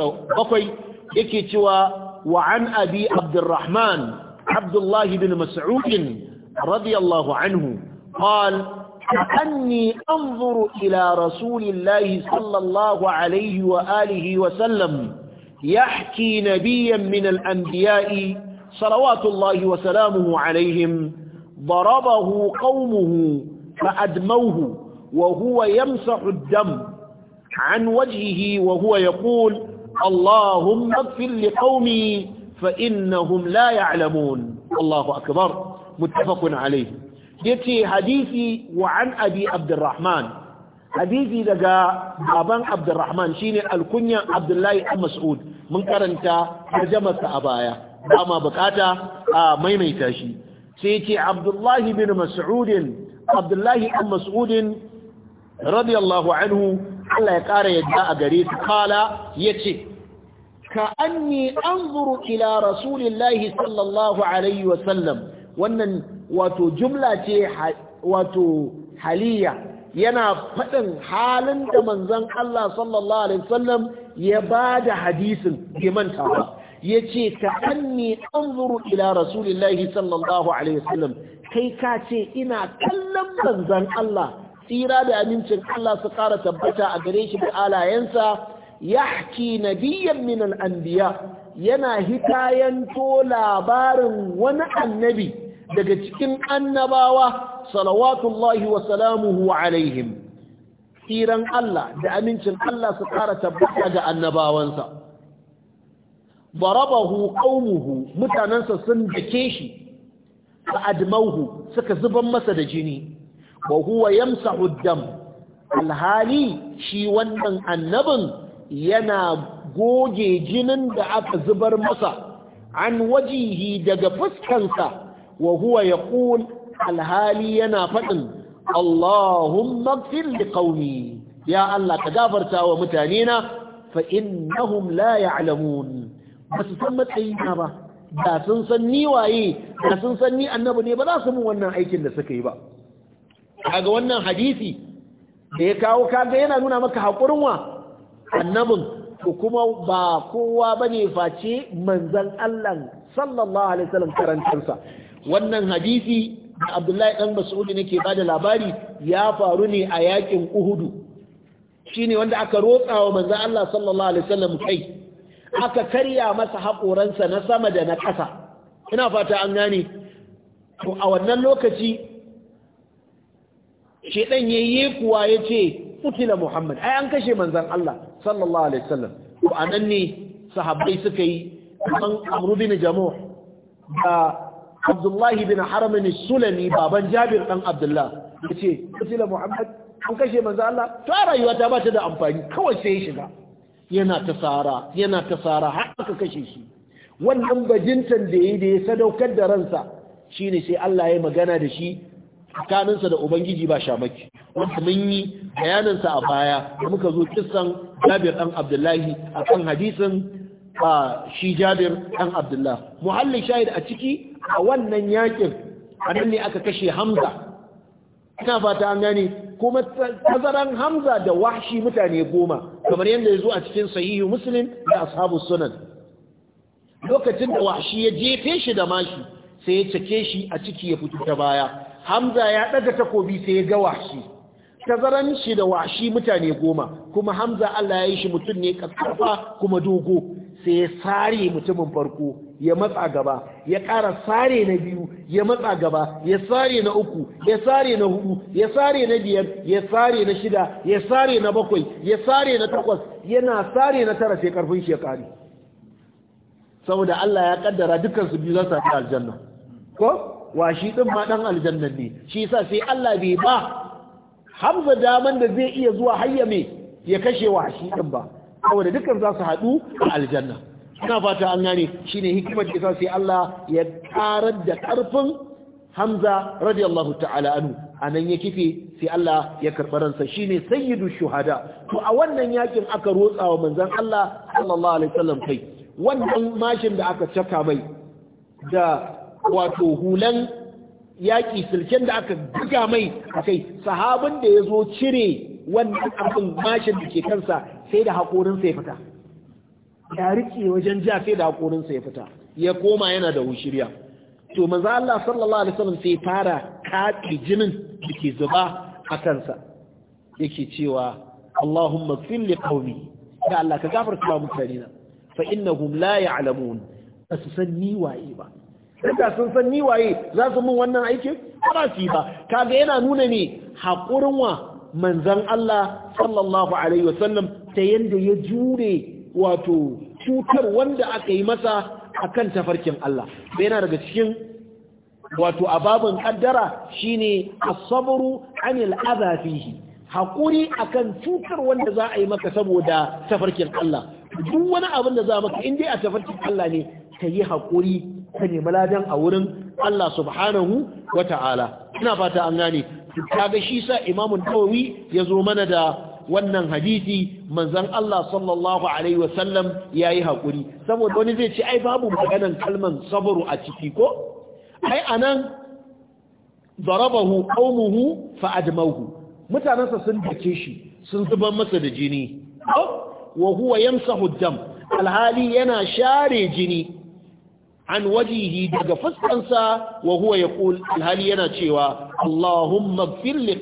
S1: yake cewa wa abi abdurrahman abdullahi bin mas'udin radiyallahu anhu قال كأني أنظر إلى رسول الله صلى الله عليه وآله وسلم يحكي نبيا من الأنبياء صلوات الله وسلامه عليهم ضربه قومه فأدموه وهو يمسح الدم عن وجهه وهو يقول اللهم اغفر لقومي فإنهم لا يعلمون الله أكبر متفق عليه yace hadisi wa an abi abdurrahman hadisi daga baban abdurrahman shine alkunyan abdullahi mas'ud mun karanta tarjumarsa a baya ba ma bukata a maimaita shi sai yace abdullahi bin mas'ud abdullahi bin mas'ud radiyallahu anhu Allah ya kare yadda a gare su kala yace ka anni anzuru ila rasulillahi sallallahu alaihi wa sallam wannan wato jumla ce wato haliya yana faɗin halin da manzon Allah sallallahu alaihi wasallam ya ba da hadisin manta ba ya ce ka anni anzuru ila rasulillahi sallallahu alaihi wasallam kai ka ce ina kallon manzon Allah tsira da amincin Allah su ƙara tabbata a gare shi da alayensa yahki nabiyyan min al-anbiya yana hikayanto labarin wani annabi daga cikin annabawa salawatullahi wa salamuhu alaihim tsiran Allah da amincin Allah su ƙara tabbata ga annabawansa barabahu qaumuhu mutanansa sun dake shi admauhu suka zuban masa da jini wa huwa yamsahu dam alhali shi wannan annabin yana goge jinin da aka zubar masa an wajihi daga fuskansa wa huwa yaqul alhali yana faɗin Allahumma ighfir liqaumi ya Allah ka gafarta wa mutane na fa innahum la ya'lamun basu san matsayina ba da sun san ni waye da sun san ni annabi ne ba za su mun wannan aikin da suka yi ba kaga wannan hadisi da ya kawo kaga yana nuna maka hakurin wa annabin to ba kowa bane face manzon Allah sallallahu alaihi wasallam karantarsa wannan hadisi da abdullahi dan mas'udi nake da labari ya faru ne a yakin uhudu shine wanda aka rotsa wa manzo Allah sallallahu alaihi wasallam kai aka karya masa haƙoransa na sama da na ƙasa ina fata an gane to a wannan lokaci shedan yi kuwa yace kutila muhammad ai an kashe manzon Allah sallallahu alaihi wasallam to anan ne sahabbai suka yi kaman amru bin jamuh da abdullahi bin haramin sulani baban jabir dan abdullah ya ce kutila muhammad an kashe manzo Allah to a rayuwa ta ba ta da amfani kawai sai ya shiga yana ta tsara yana ta har aka kashe shi wannan bajintan da yayi da ya sadaukar da ransa shine sai Allah ya magana da shi tsakaninsa da ubangiji ba shamaki wanda mun yi bayaninsa a baya da muka zo kissan Jabir dan Abdullahi akan hadisin shi Jabir dan Abdullah muhallin shahid a ciki a wannan yakin a nan ne aka kashe hamza ina fata an gane kuma tazaran hamza da wahshi mutane goma kamar yadda ya zo a cikin sahihu muslim da ashabu sunan lokacin da wahshi ya jefe shi da mashi sai ya cike shi a ciki ya fito ta baya hamza ya daga takobi sai ya ga wahshi tazaran shi da washi mutane goma kuma hamza Allah ya yi shi mutum ne kasafa kuma dogo sai ya sare mutumin farko ya matsa gaba ya ƙara sare na biyu ya matsa gaba ya sare na uku ya sare na hudu ya sare na biyar ya sare na shida ya sare na bakwai ya sare na takwas yana sare na tara sai karfin shi saboda Allah ya kaddara dukkan su biyu za su tafi aljanna ko wa shi din ma dan aljanna ne shi yasa sai Allah bai ba Hamza daman da zai iya zuwa hayya me ya kashe wa shi din ba saboda dukkan za su haɗu a aljanna ina fata an gane shine hikimar da sai Allah ya karar da ƙarfin Hamza radiyallahu ta'ala anhu anan ya kife sai Allah ya karɓi ransa shine sayyidu shuhada to a wannan yakin aka rotsawa manzon Allah sallallahu alaihi wasallam kai wannan mashin da aka caka mai da wato hulan yaƙi silken da aka buga mai a kai sahabin da ya zo cire wannan abin mashin da ke kansa sai da haƙorinsa ya fita ya rike wajen ja sai da hakorinsa ya fita ya koma yana da wushiriya to maza Allah sallallahu alaihi wasallam sai fara kaɗi jinin dake zuba a kansa yake cewa Allahumma fil li qaumi ya Allah ka gafarta mutane na fa innahum la ya'lamun su san ni waye ba da sun san ni waye za su mun wannan aikin ba su ba kaga yana nuna ne haƙurin wa manzon Allah sallallahu alaihi wasallam ta yanda ya jure wato cutar wanda aka yi masa akan tafarkin Allah yana daga cikin wato ababan kaddara shine Asabaru sabru 'anil adha fihi akan cutar wanda za a yi maka saboda tafarkin Allah duk wani abin da za maka in dai a tafarkin Allah ne ka yi hakuri ka nemi ladan a wurin Allah subhanahu wata'ala ina fata an gane kaga shi sa imamun nawawi ya zo mana da wannan hadisi manzon Allah sallallahu alaihi wasallam yayi haƙuri, saboda wani zai ce ai babu maganan kalman sabru a ciki ko ai anan darabahu qaumuhu fa fa'admahu. mutanansa sun dace shi sun zuba masa da jini wa huwa yamsahu alhali yana share jini an wajihi daga fuskansa wa huwa yaqul alhali yana cewa Allahumma ighfir li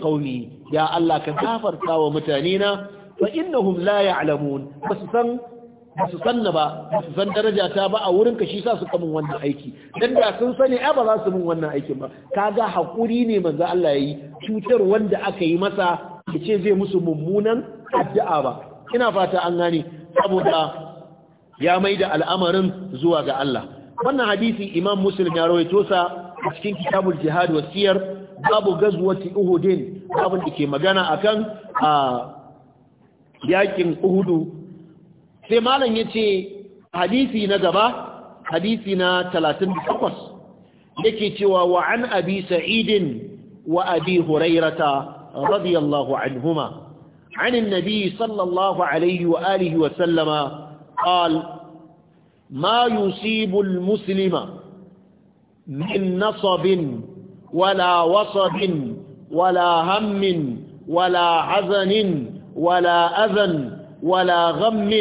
S1: ya Allah ka gafarta wa mutane na fa innahum la ya'lamun basu san basu sanna ba basu san daraja ta ba a wurin ka shi sa su mun wannan aiki dan da sun sani a ba za su mun wannan aikin ba kaga hakuri ne manzo Allah yayi cutar wanda aka yi masa ce zai musu mummunan addu'a ba ina fata an gane saboda ya maida al'amarin zuwa ga Allah wannan hadisi imam muslim ya rawaito sa a cikin kitabul jihad wasiyar babu gazwati uhudin babin da ke magana akan a yakin uhudu sai malam ya ce hadisi na gaba hadisi na 38 yake cewa wa an abi sa'idin wa abi hurairata radiyallahu anhuma عن النبي صلى الله عليه وآله وسلم قال ما يصيب المسلم من نصب ولا وصب ولا هم ولا حزن ولا أذى ولا غم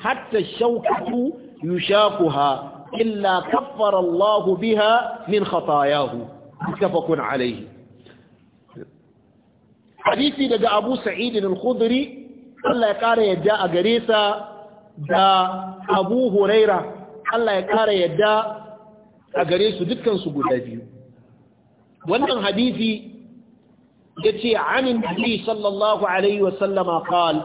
S1: حتى الشوكة يشاقها إلا كفر الله بها من خطاياه متفق عليه حديثي لدى أبو سعيد الخضري الله يقار يداء قريسة دا أبو هريرة الله يقار يداء قريسة دكا سبو دابيو wannan hadisi yace anin nabi sallallahu alaihi a kawal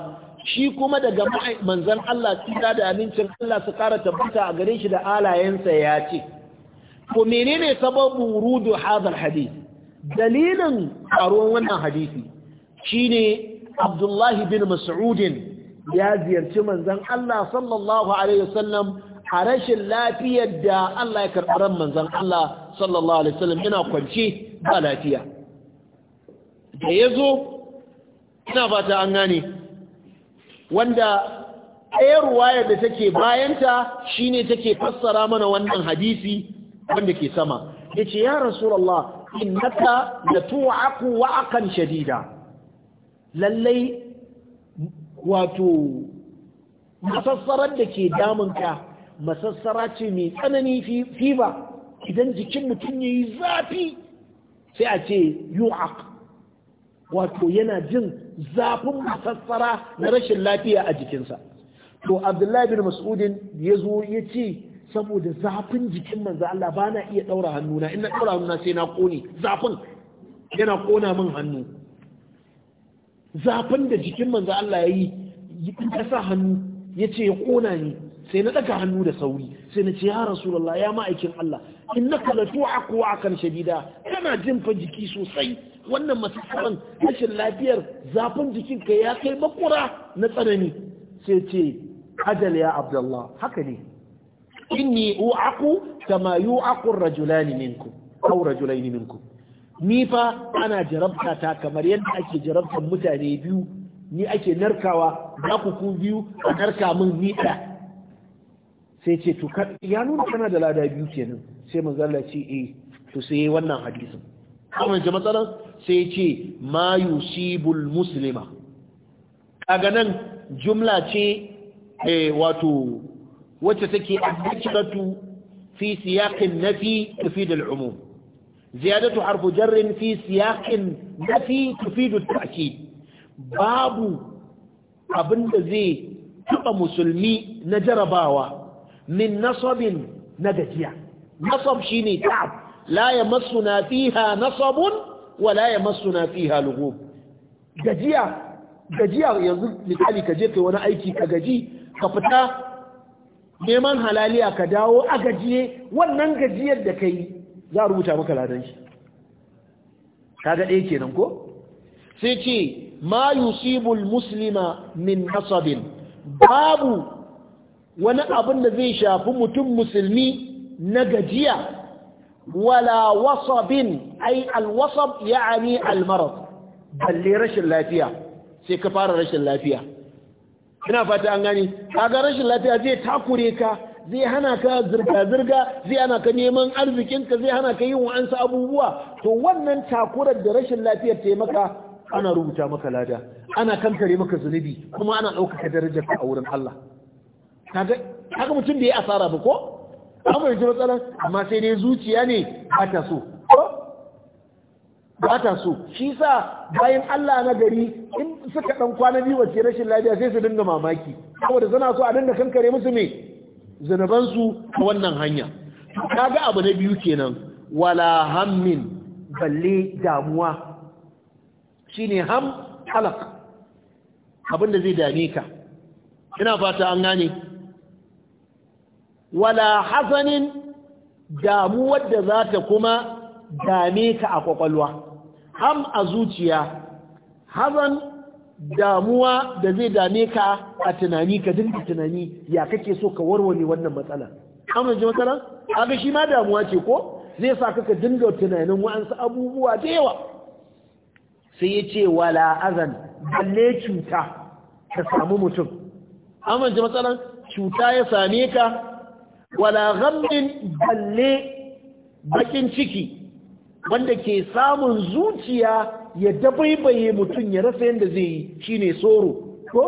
S1: shi kuma daga manzan Allah tsira da amincin Allah su kara tabbata a gare shi da alayensa ya ce to menene sababu rudu hadal hadith dalilin karuwan wannan hadisi shine Abdullahi bin mas'udin ya ziyarci manzan Allah sallallahu alaihi wasallam a rashin lafiyar da Allah ya karɓi manzan Allah sallallahu alaihi wasallam yana kwance ba lafiya da ya zo ina fata an gane wanda ɗaya ruwayar da take bayanta shine take fassara mana wannan hadisi wanda ke sama ya ce ya rasulallah innaka da tu'aku wa'akan shadida lallai wato masassarar da ke damunka masassara ce mai tsanani fiba idan jikin mutum ya yi zafi sai a ce yu'aq wato yana jin zafin masassara na rashin lafiya a jikinsa to abdullahi bin mas'udin ya zo ya ce saboda zafin jikin manzo Allah ba na iya ɗaura hannu in na ɗaura hannuna sai na ƙone zafin yana ƙona min hannu zafin da jikin manzo Allah ya yi hannu ya ce ya ƙona ni sai na daga hannu da sauri sai na ce ya rasulallah ya ma'aikin Allah innaka la tu'aqu akan shabida? kana jin fa jiki sosai wannan masakaran rashin lafiyar zafin jikin ka ya kai makura na tsanani sai ce ajal ya abdullah haka ne inni u'aqu kama yu'aqu ar-rajulani minkum aw rajulaini minkum ni fa ana jarabta ta kamar yadda ake jarabtar mutane biyu ni ake narkawa za ku ku biyu a narka min ni ɗaya sai ce to ya nuna kana da lada biyu kenan sai manzo ce eh to sai wannan hadisin kuma ji matsalan sai ce ma yusibul muslima kaga nan jumla ce eh wato wacce take addikratu fi siyaqin nafi tufid al-umum ziyadatu harfu jar fi siyaqin nafi tufid al-ta'kid babu abinda zai taba musulmi na jarabawa min nasabin na gajiya nasab shine ta'ab la yamassuna fiha nasabun wa la yamassuna fiha lughub gajiya gajiya yanzu misali ka je kai wani aiki ka gaji ka fita neman halaliya ka dawo a gajiye wannan gajiyar da kai za a rubuta maka ladan shi kaga ɗaya kenan ko sai ce ma yusibul muslima min nasabin babu wani abin da zai shafi mutum musulmi na gajiya wala wasabin ai alwasab ya'ani almarad balle rashin lafiya sai ka fara rashin lafiya ina fata an gani kaga rashin lafiya zai takure ka zai hana ka zirga-zirga zai hana ka neman arzikinka zai hana ka yin wa'ansu abubuwa to wannan takurar da rashin lafiyar taimaka ana rubuta maka lada ana kankare maka zunubi kuma ana ɗaukaka darajar a wurin Allah kaga mutum da ya asara ba ko amma fahimci matsalar amma sai dai zuciya ne ba ta so ba ta so shi sa bayan Allah na gari in suka dan kwana biyu wace rashin lafiya sai su dinga mamaki saboda suna so a dinga kankare musu me su a wannan hanya kaga abu na biyu kenan wala hammin balle damuwa shine ham halak abin da zai dame ka ina fata an gane wala hasanin damuwar da za ta kuma dame ka a kwakwalwa ham a zuciya hazan damuwa da zai dame ka a tunani ka dinka tunani ya kake so ka warware wannan matsala amma ji matsala aga shi ma damuwa ce ko zai sa ka dinga tunanin wa'ansu abubuwa da yawa sai ya ce wala azan balle cuta ka samu mutum amma ji matsala cuta ya same ka wala ghammin balle bakin ciki wanda ke samun zuciya ya dabaibaye mutum ya rasa yadda zai yi shine soro ko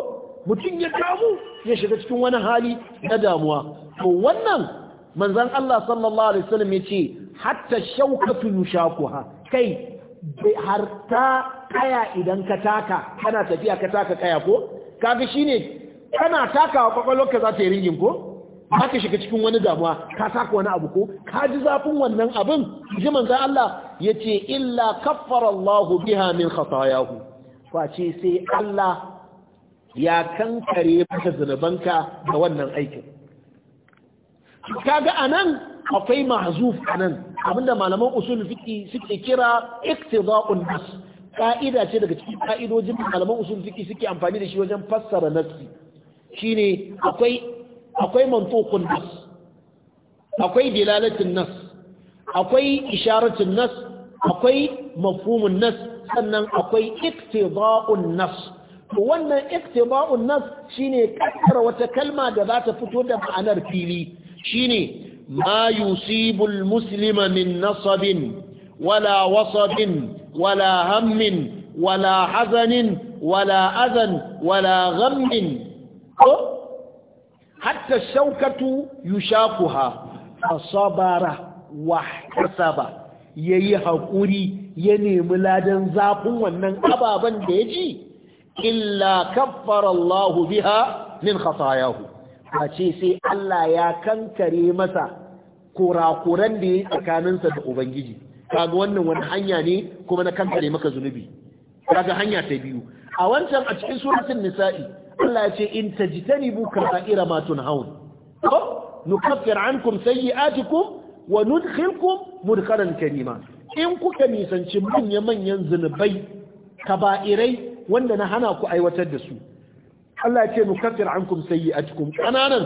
S1: mutum ya kamu ya shiga cikin wani hali na damuwa to wannan manzon Allah sallallahu alaihi wasallam yace hatta shaukatu yushakuha kai har ta kaya idan ka taka kana tafiya ka taka kaya ko kaga shine kana takawa kwakwalwarka za ta yi ringin ko ba ka shiga cikin wani damuwa ka saka wani abu ko ka ji zafin wannan abin ji manzan Allah ya ce illa kaffara Allah biha min khatayahu face sai Allah ya kankare maka zunubanka da wannan aikin kaga anan akwai mahzuf anan abinda malaman usul fiqi suke kira iktida'un nas ka'ida ce daga cikin ka'idojin malaman usul fiqi suke amfani da shi wajen fassara nafsi shine akwai akwai mantukun nas akwai dilalatin nas akwai isharatin nas akwai mafhumun nas sannan akwai iktiba'un nas wannan iktiba'un nas shine kakkara wata kalma da za ta fito da ma'anar fili shine ma yusibul muslima min nasabin wala wasabin wala hammin wala hazanin wala azan wala ghammin ko hatta shaukatu yushakuha asabara wa hasaba yayi hakuri ya nemi ladan zafin wannan ababan da ya ji illa kaffara Allah biha min khatayahu ce sai Allah ya kankare masa kurakuran da ya tsakaninsa da ubangiji kaga wannan wani hanya ne kuma na kankare maka zunubi kaga hanya ta biyu a wancan a cikin suratul nisa'i Allah ya ce in tajtanibu kaba'ira ma tunhaun ko nukaffir ankum sayyi'atikum wa nudkhilkum mudkhalan karima in kuka nisanci manyan manyan zunubai kaba'irai wanda na hana ku aiwatar da su Allah ya ce nukaffir ankum sayyi'atikum kananan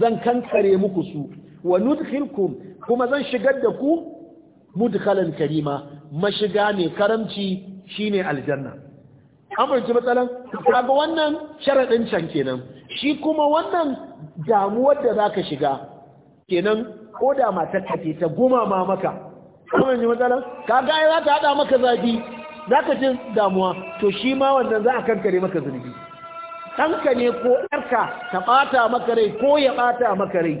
S1: zan kankare muku su wa nudkhilkum kuma zan shigar da ku mudkhalan karima mashiga ne karamci shine aljanna an matsalan kaga wannan sharaɗin can kenan shi kuma wannan damuwar da zaka shiga kenan ko da matar ka ta goma ma maka an matsalan kaga ai za ta hada maka zafi za ka damuwa to shi ma wannan za a kankare maka zunubi ɗanka ne ko ɗarka ta ɓata maka rai ko ya ɓata maka rai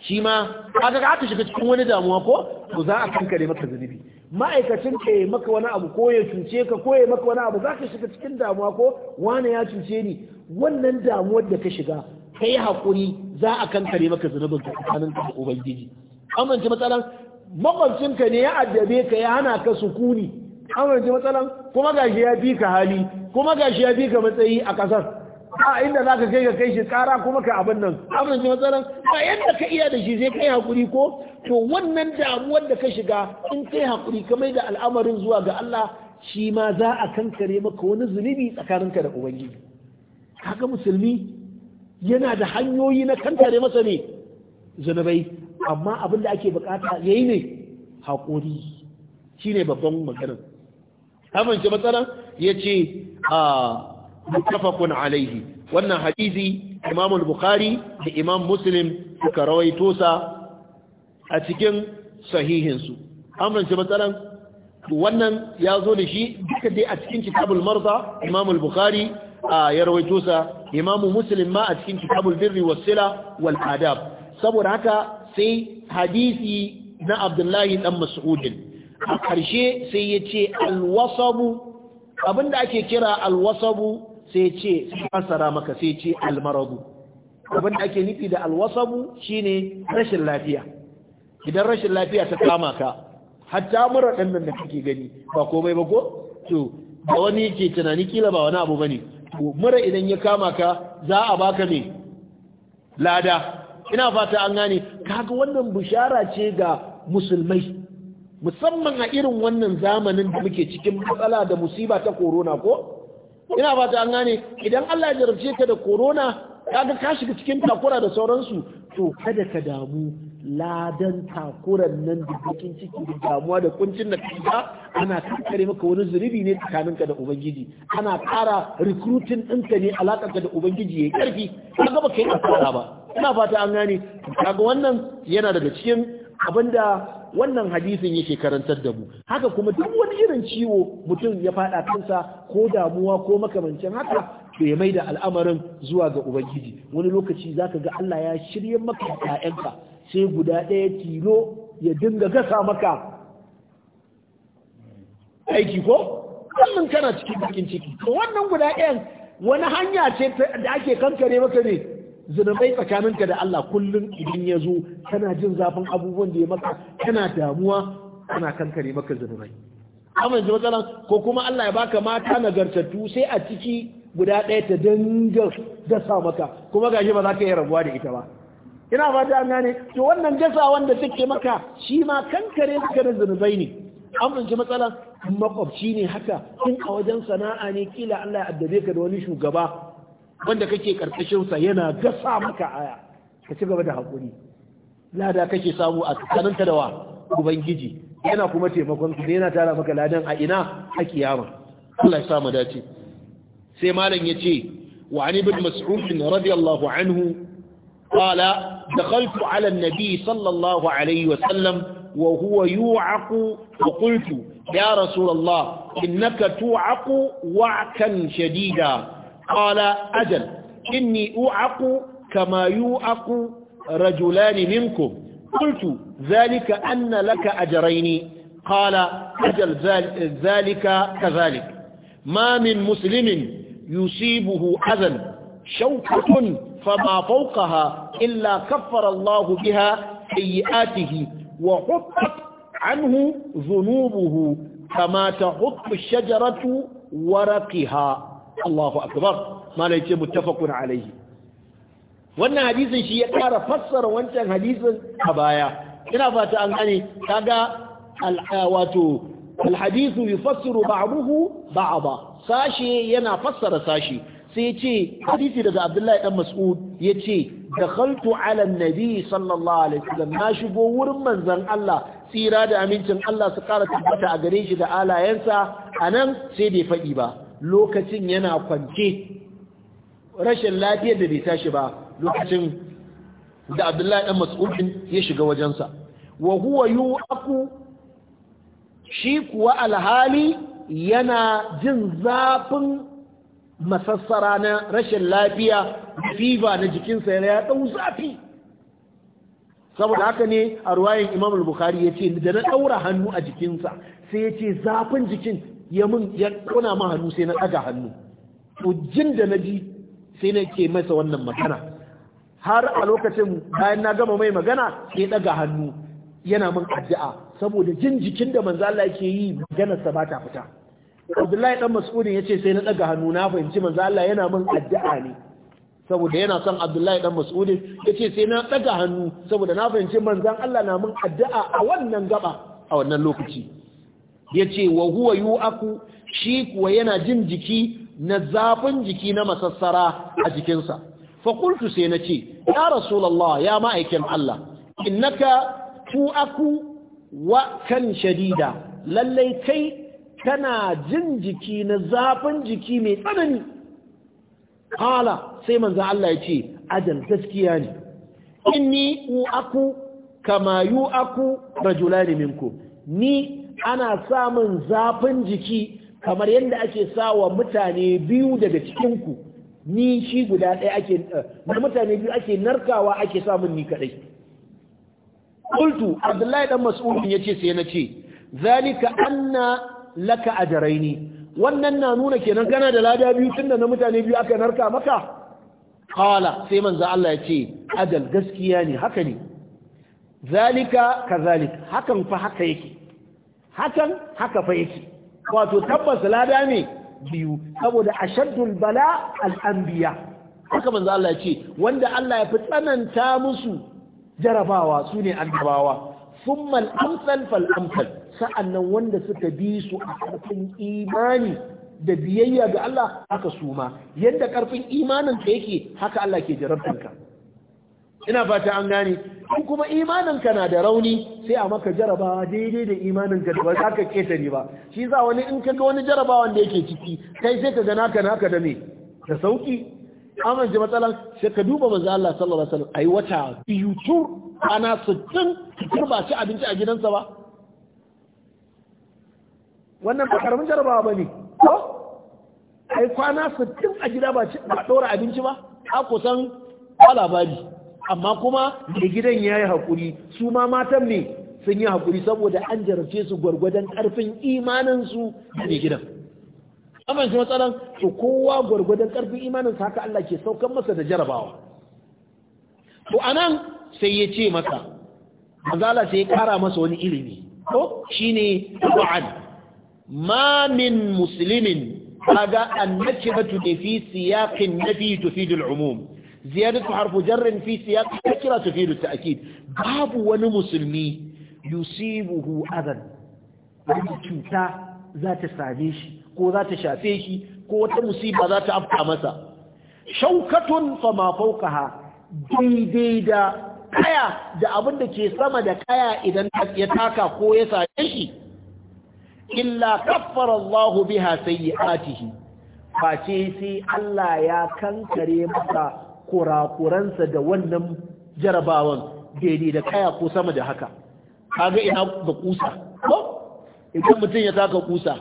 S1: shi ma ka shiga cikin wani damuwa ko to za a kankare maka zunubi ma'aikacin ka ya maka wani abu ko ya cuce ka ko ya maka wani abu za ka shiga cikin damuwa ko wani ya cuce ni wannan damuwar da ka shiga ka yi haƙuri za a kankare maka zunubin ka tsakanin ka da ubangiji amince matsalan makwabcin ka ne ya addabe ka ya hana ka sukuni amince matsalan kuma gashi ya bi ka hali kuma gashi ya bi ka matsayi a ƙasar a inda za ka kai ka kai shi kara kuma ka abin nan abin da matsalan ba yadda ka iya da shi zai kai hakuri ko to wannan damuwar da ka shiga in kai hakuri ka mai da al'amarin zuwa ga Allah shi ma za a kankare maka wani zunubi tsakaninka da ubangiji kaga musulmi yana da hanyoyi na kankare masa ne zunubai amma abin da ake bukata yayi ne hakuri shine babban maganar amince matsalan yace a ah, muttafaqun alaihi wannan hadisi Imam al-Bukhari da Imam Muslim suka rawaito sa a cikin sahihin su amince matsalan wannan ya zo da shi duka dai a cikin kitabul marza Imam al-Bukhari ya rawaito sa Imam Muslim ma a cikin kitabul birri was sila wal adab saboda haka sai hadisi na Abdullahi dan Mas'udin a ƙarshe sai ya ce alwasabu abinda ake kira alwasabu sai ce fasara maka sai ce almaradu abin da ake nufi da alwasabu shine rashin lafiya idan rashin lafiya ta kama ka hatta mura ɗan nan da kake gani ba komai ba ko to da wani ke tunani kila ba wani abu bane to mura idan ya kama ka za a baka ne lada ina fata an gane kaga wannan bishara ce ga musulmai musamman a irin wannan zamanin da muke cikin matsala da musiba ta korona ko ina ba ta an gane idan Allah ya jarabce ka da corona kaga ka shiga cikin takura da sauransu to kada ka damu ladan takuran nan da bakin ciki da damuwa da kuncin da kaga ana kankare maka wani zunubi ne ka da ubangiji ana ƙara recruiting ɗinka ne ka da ubangiji yayi ƙarfi kaga baka yi asara ba ina fata an gane kaga wannan yana daga cikin abinda wannan hadisin yake karantar da mu haka kuma duk wani irin ciwo mutum ya fada kansa ko damuwa ko makamancin haka to ya mai da al'amarin zuwa ga ubangiji wani lokaci zaka ga Allah ya shirye maka ƴaƴanka sai guda ɗaya tilo ya dinga gasa maka aiki ko wannan kana cikin bakin ciki to wannan guda ɗayan wani hanya ce da ake kankare maka ne zunubai tsakaninka da Allah kullum idan ya zo kana jin zafin abubuwan da ya maka kana damuwa kana kankare maka zunubai amma ji matsalan ko kuma Allah ya baka mata nagartattu sai a ciki guda ɗaya ta danga dasa maka kuma gashi ba za ka yi rabuwa da ita ba ina fata an gane to wannan gasa wanda take maka shi ma kankare maka da zunubai ne an fahimci matsalan makwabci ne haka in a wajen sana'a ne kila Allah ya addabe ka da wani shugaba wanda kake karkashinsa sa yana gasa maka aya ka ci gaba da hakuri lada kake samu a tsakaninka da wa ubangiji yana kuma taimakon ka yana tara maka ladan a ina a kiyama Allah ya sa mu dace sai malam yace wa ani ibn mas'ud radiyallahu anhu qala dakhaltu ala an-nabi sallallahu alayhi wa sallam wa huwa yu'aq wa qultu ya rasul Allah innaka tu'aq wa'kan shadida قال أجل إني أوعق كما يوعق رجلان منكم قلت ذلك أن لك أجرين قال أجل ذلك كذلك ما من مسلم يصيبه أذى شوكة فما فوقها إلا كفر الله بها سيئاته وحطت عنه ذنوبه كما تحط الشجرة ورقها Allahu akbar malai ce muttafaqun alaihi wannan hadisin shi ya ƙara fassara wancan hadisin a baya ina fata an gane kaga wato alhadisu yufassiru ba'dahu ba'da sashi yana fassara sashi sai ce hadisi daga Abdullahi dan Mas'ud yace dakhaltu ala an-nabi sallallahu alaihi wasallam na shigo wurin manzon Allah tsira da amincin Allah su ƙara tabbata a gare shi da alayensa anan sai bai faɗi ba lokacin yana kwance rashin lafiyar da bai tashi ba lokacin da abdullahi ɗan mas'udin ya shiga wajensa wa huwa aku shi kuwa alhali yana jin zafin masassara na rashin lafiya fiba na jikinsa ya ɗau zafi saboda haka ne a ruwayin imam al-bukhari ya ce da na ɗaura hannu a jikinsa sai ya ce zafin jikin ya mun ya kuna ma hannu sai na ɗaga hannu to jin da na ji sai na ke masa wannan magana har a lokacin bayan na gama mai magana sai ɗaga hannu yana mun addu'a saboda jin jikin da manzo Allah yake yi maganar sa ba ta fita Abdullahi dan Mas'udin yace sai na ɗaga hannu na fahimci manzo Allah yana mun addu'a ne saboda yana son Abdullahi dan Mas'udin yace sai na ɗaga hannu saboda na fahimci manzo Allah na mun addu'a a wannan gaba a wannan lokaci ya ce wa huwa yu aku shi kuwa yana jin jiki na zafin jiki na masassara a jikinsa fakultu sai na ce ya rasulallah ya ma'aikin Allah innaka ku aku wa kan shadida lallai kai tana jin jiki na zafin jiki mai tsanani Hala sai manzo Allah ya ce ajal gaskiya ne inni u aku kama yu aku rajulani minku ni ana samun zafin jiki kamar yadda ake sawa mutane biyu daga cikinku ni shi guda ɗaya ake eh, mutane biyu ake narkawa ake samun ni kaɗai kultu abdullahi dan mas'udin ya ce sai na ce zalika anna laka a ajaraini wannan na nuna kenan kana da lada biyu tunda na mutane biyu aka narka maka Kawala sai manza Allah ya ce adal gaskiya ne haka ne zalika kazalik hakan fa haka yake hakan haka fa yake wato tabbas lada ne biyu saboda ashaddul bala al-anbiya haka manzo Allah ya ce wanda Allah ya fi tsananta musu jarabawa sune annabawa thumma al-amsal fal-amsal sa'annan wanda suka bi su a karfin imani da biyayya ga Allah haka su ma yadda karfin imanin yake haka Allah ke jarabtanka ina fata an gane in kuma imaninka na da rauni sai a maka jarabawa daidai da imaninka da ba za ka ketare ba shi za wani in ga wani jarabawan da yake ciki kai sai ka ga naka naka da me da sauki amma ji matsalan sai ka duba manzo Allah sallallahu alaihi wasallam ai wata biyu tur ana sittin tur ba ci abinci a gidansa ba wannan ba karamin jarabawa bane ko ai kwana sittin a gida ba ci ba dora abinci ba a san ba labari amma kuma mai gidan ya yi haƙuri su ma matan ne sun yi haƙuri saboda an jarabce su gwargwadon ƙarfin imaninsu da mai gidan amma shi matsalan to kowa gwargwadon ƙarfin imaninsa haka Allah ke saukan masa da jarabawa to anan sai ya ce maka Manzala sai ya kara masa wani ilimi ko shine wa'ad ma min muslimin kaga annakiratu ne fi siyaqin nafi tufidul umum ziyadatu harfu jarrin fi siyaq takira tufidu ta'kid babu wani musulmi yusibuhu adan wani cuta za ta same shi ko za ta shafe shi ko wata musiba za ta afka masa shaukatun fama fawqaha daidai da kaya da abin da ke sama da kaya idan ya taka ko ya same shi illa kaffara Allahu biha sayyi'atihi face sai Allah ya kankare masa kurakuransa da wannan jarabawan daidai da kaya ko sama da haka kaga ina ga kusa ko idan mutum ya saka kusa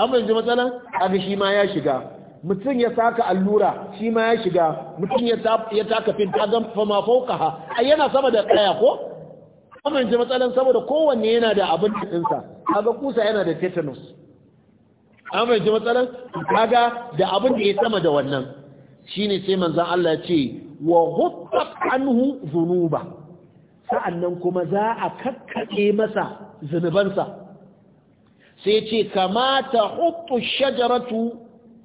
S1: an yanzu matsala kaga shi ma ya shiga mutum ya saka allura shi ma ya shiga mutum ya taka fin kaga fama ha a yana sama da kaya ko an yanzu matsalan saboda kowanne yana da abin dinsa kaga kusa yana da tetanus an yanzu matsalan kaga da abin da ya sama da wannan shine sai manzan Allah ya ce wa hubbat anhu zunuba sa'annan kuma za a kakkaɓe masa zunubansa sai ce kamata hubbu shajaratu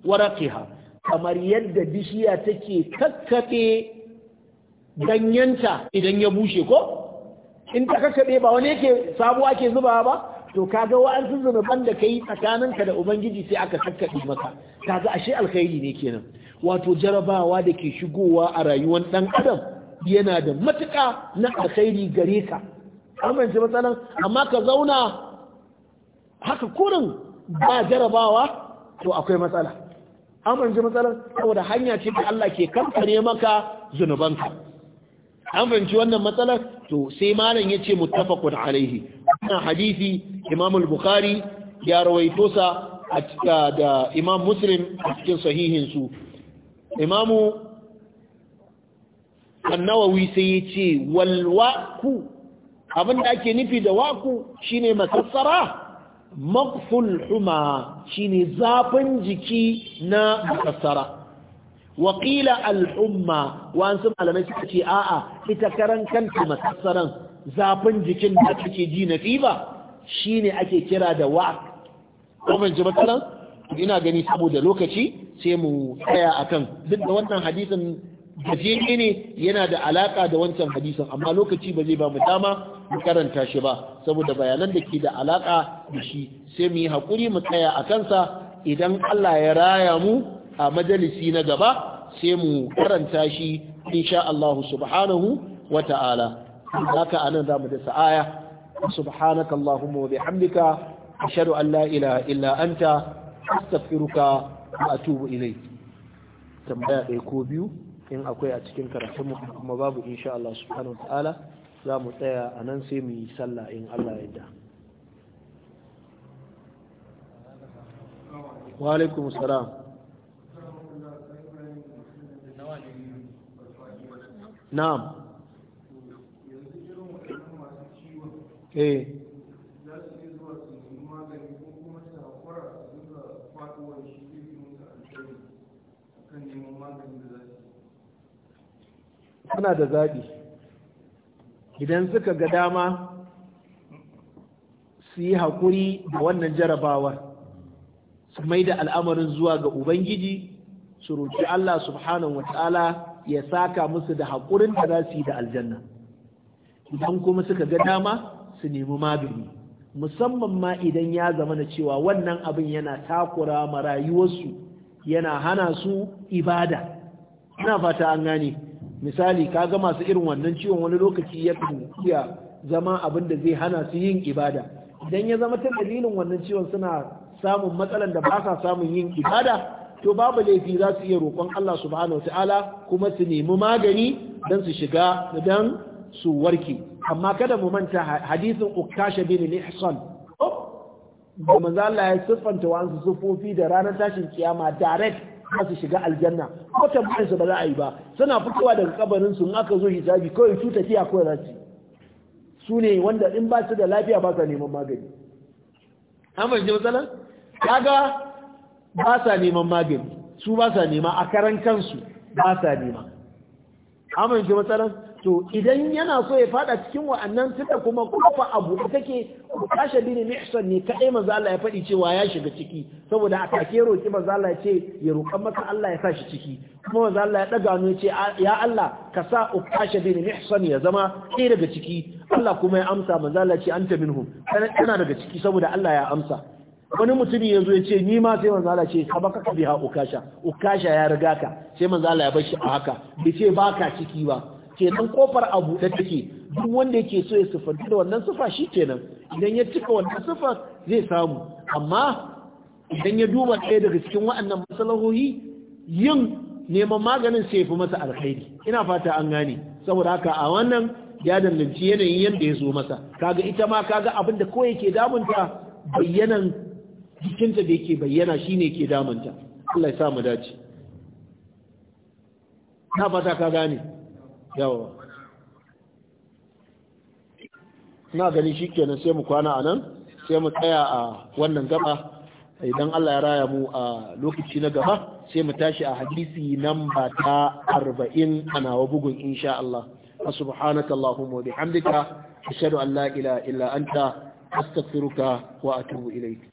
S1: waraqiha kamar yadda bishiya take kakkaɓe ganyenta idan ya bushe ko in ta kakkaɓe ba wani yake sabuwa ke zuba ba to kaga wa'ansu zunuban da kai tsakaninka da ubangiji sai aka kakkaɗe maka kaga ashe alkhairi ne kenan wato jarabawa da ke shigowa a rayuwar ɗan adam yana da matuƙa na alkhairi gare ka amince matsalan amma ka zauna haka kurin ba jarabawa to akwai matsala amince matsalan saboda hanya ce da Allah ke kamfare maka zunubanka amince wannan matsalar to sai malam yace muttafaqun alaihi wannan hadisi Imam al-Bukhari ya rawaito sa da Imam Muslim a cikin sahihin su imamu annawawi sai ya ce walwaku abinda ake nufi da waku shine masassara maqful huma shine zafin jiki na masassara waƙila al'umma wasu malamai suka ce a'a ita karan kanta masassaran zafin jikin da take ji na fiba shine ake kira da wak kuma ji matsalan ina gani saboda lokaci sai mu tsaya akan duk da wannan hadisin gajere ne yana da alaka da wancan hadisin amma lokaci ba zai ba mu dama mu karanta shi ba saboda bayanan da ke da alaka da shi sai mu yi hakuri mu tsaya a kansa idan Allah ya raya mu a majalisi na gaba sai mu karanta shi insha Allah subhanahu wa ta'ala haka anan zamu da sa'aya subhanakallahumma wa bihamdika ashhadu an la ilaha illa anta astaghfiruka wa atubu ilayk tambaya ɗaya ko biyu in akwai a cikin karatun mu kuma babu insha Allah subhanahu ta'ala za mu tsaya a nan sai mu yi sallah in Allah ya yarda wa alaikum salam na'am eh suna da zaɓi idan suka ga dama su yi haƙuri da wannan jarabawar su mai da al'amarin zuwa ga ubangiji su roƙi Allah subhanahu wa ta'ala ya saka musu da haƙurin da za su yi da aljanna idan kuma suka ga dama su nemi magani musamman ma idan ya zama na cewa wannan abin yana takura ma rayuwarsu yana hana su ibada ina fata an gane misali kaga masu irin wannan ciwon wani lokaci ya iya zama abin da zai hana su yin ibada idan ya zama ta dalilin wannan ciwon suna samun matsalan da ba sa samun yin ibada to babu laifi za su iya roƙon Allah subhanahu ta'ala kuma su nemi magani don su shiga don su warke amma kada mu manta hadisin ukasha bin ihsan da manzo Allah ya siffanta wa'ansu sufofi da ranar tashin kiyama direct za su shiga aljanna ko tambayar su ba za a yi ba suna fitowa daga kabarin su in aka zo hijabi kawai su tafiya kawai za su su ne wanda in ba su da lafiya ba sa neman magani an fahimci matsalar kaga ba sa neman magani su ba sa nema a karan kansu ba sa nema an fahimci matsalar to idan yana so ya fada cikin wa'annan tunda kuma kofa abu da take kashe bin mihsan ne kadai maza Allah ya faɗi cewa ya shiga ciki saboda a take roki maza Allah ya ce ya roƙan maka Allah ya sa shi ciki kuma maza Allah ya daga mu ce ya Allah ka sa ukasha bin mihsan ya zama ɗaya daga ciki Allah kuma ya amsa maza Allah ya ce anta minhum kana daga ciki saboda Allah ya amsa wani mutumi ya ya ce ni ma sai manzo Allah ce ka ka biha ukasha ukasha ya riga ka sai manzo Allah ya bar shi a haka bai ce baka ciki ba kenan kofar a buɗe take duk wanda yake so ya sifantu da wannan sufa shi kenan idan ya cika wannan sufa zai samu amma idan ya duba ɗaya daga cikin waɗannan masalahohi yin neman maganin sai fi masa alkhairi ina fata an gane saboda haka a wannan ya danganci yanayin yadda ya zo masa kaga ita ma kaga abin da kawai ke damunta bayyanan jikinta da yake bayyana shine ke damunta Allah ya sa mu dace na fata ka gane yawa na gani shi kenan sai mu kwana a nan sai mu tsaya a wannan gaba idan Allah ya raya mu a lokaci na gaba sai mu tashi a hadisi namba ta arba'in a nawa bugun insha Allah subhanaka Allahumma wa bihamdika ashhadu an la ilaha illa anta astaghfiruka wa atubu ilayk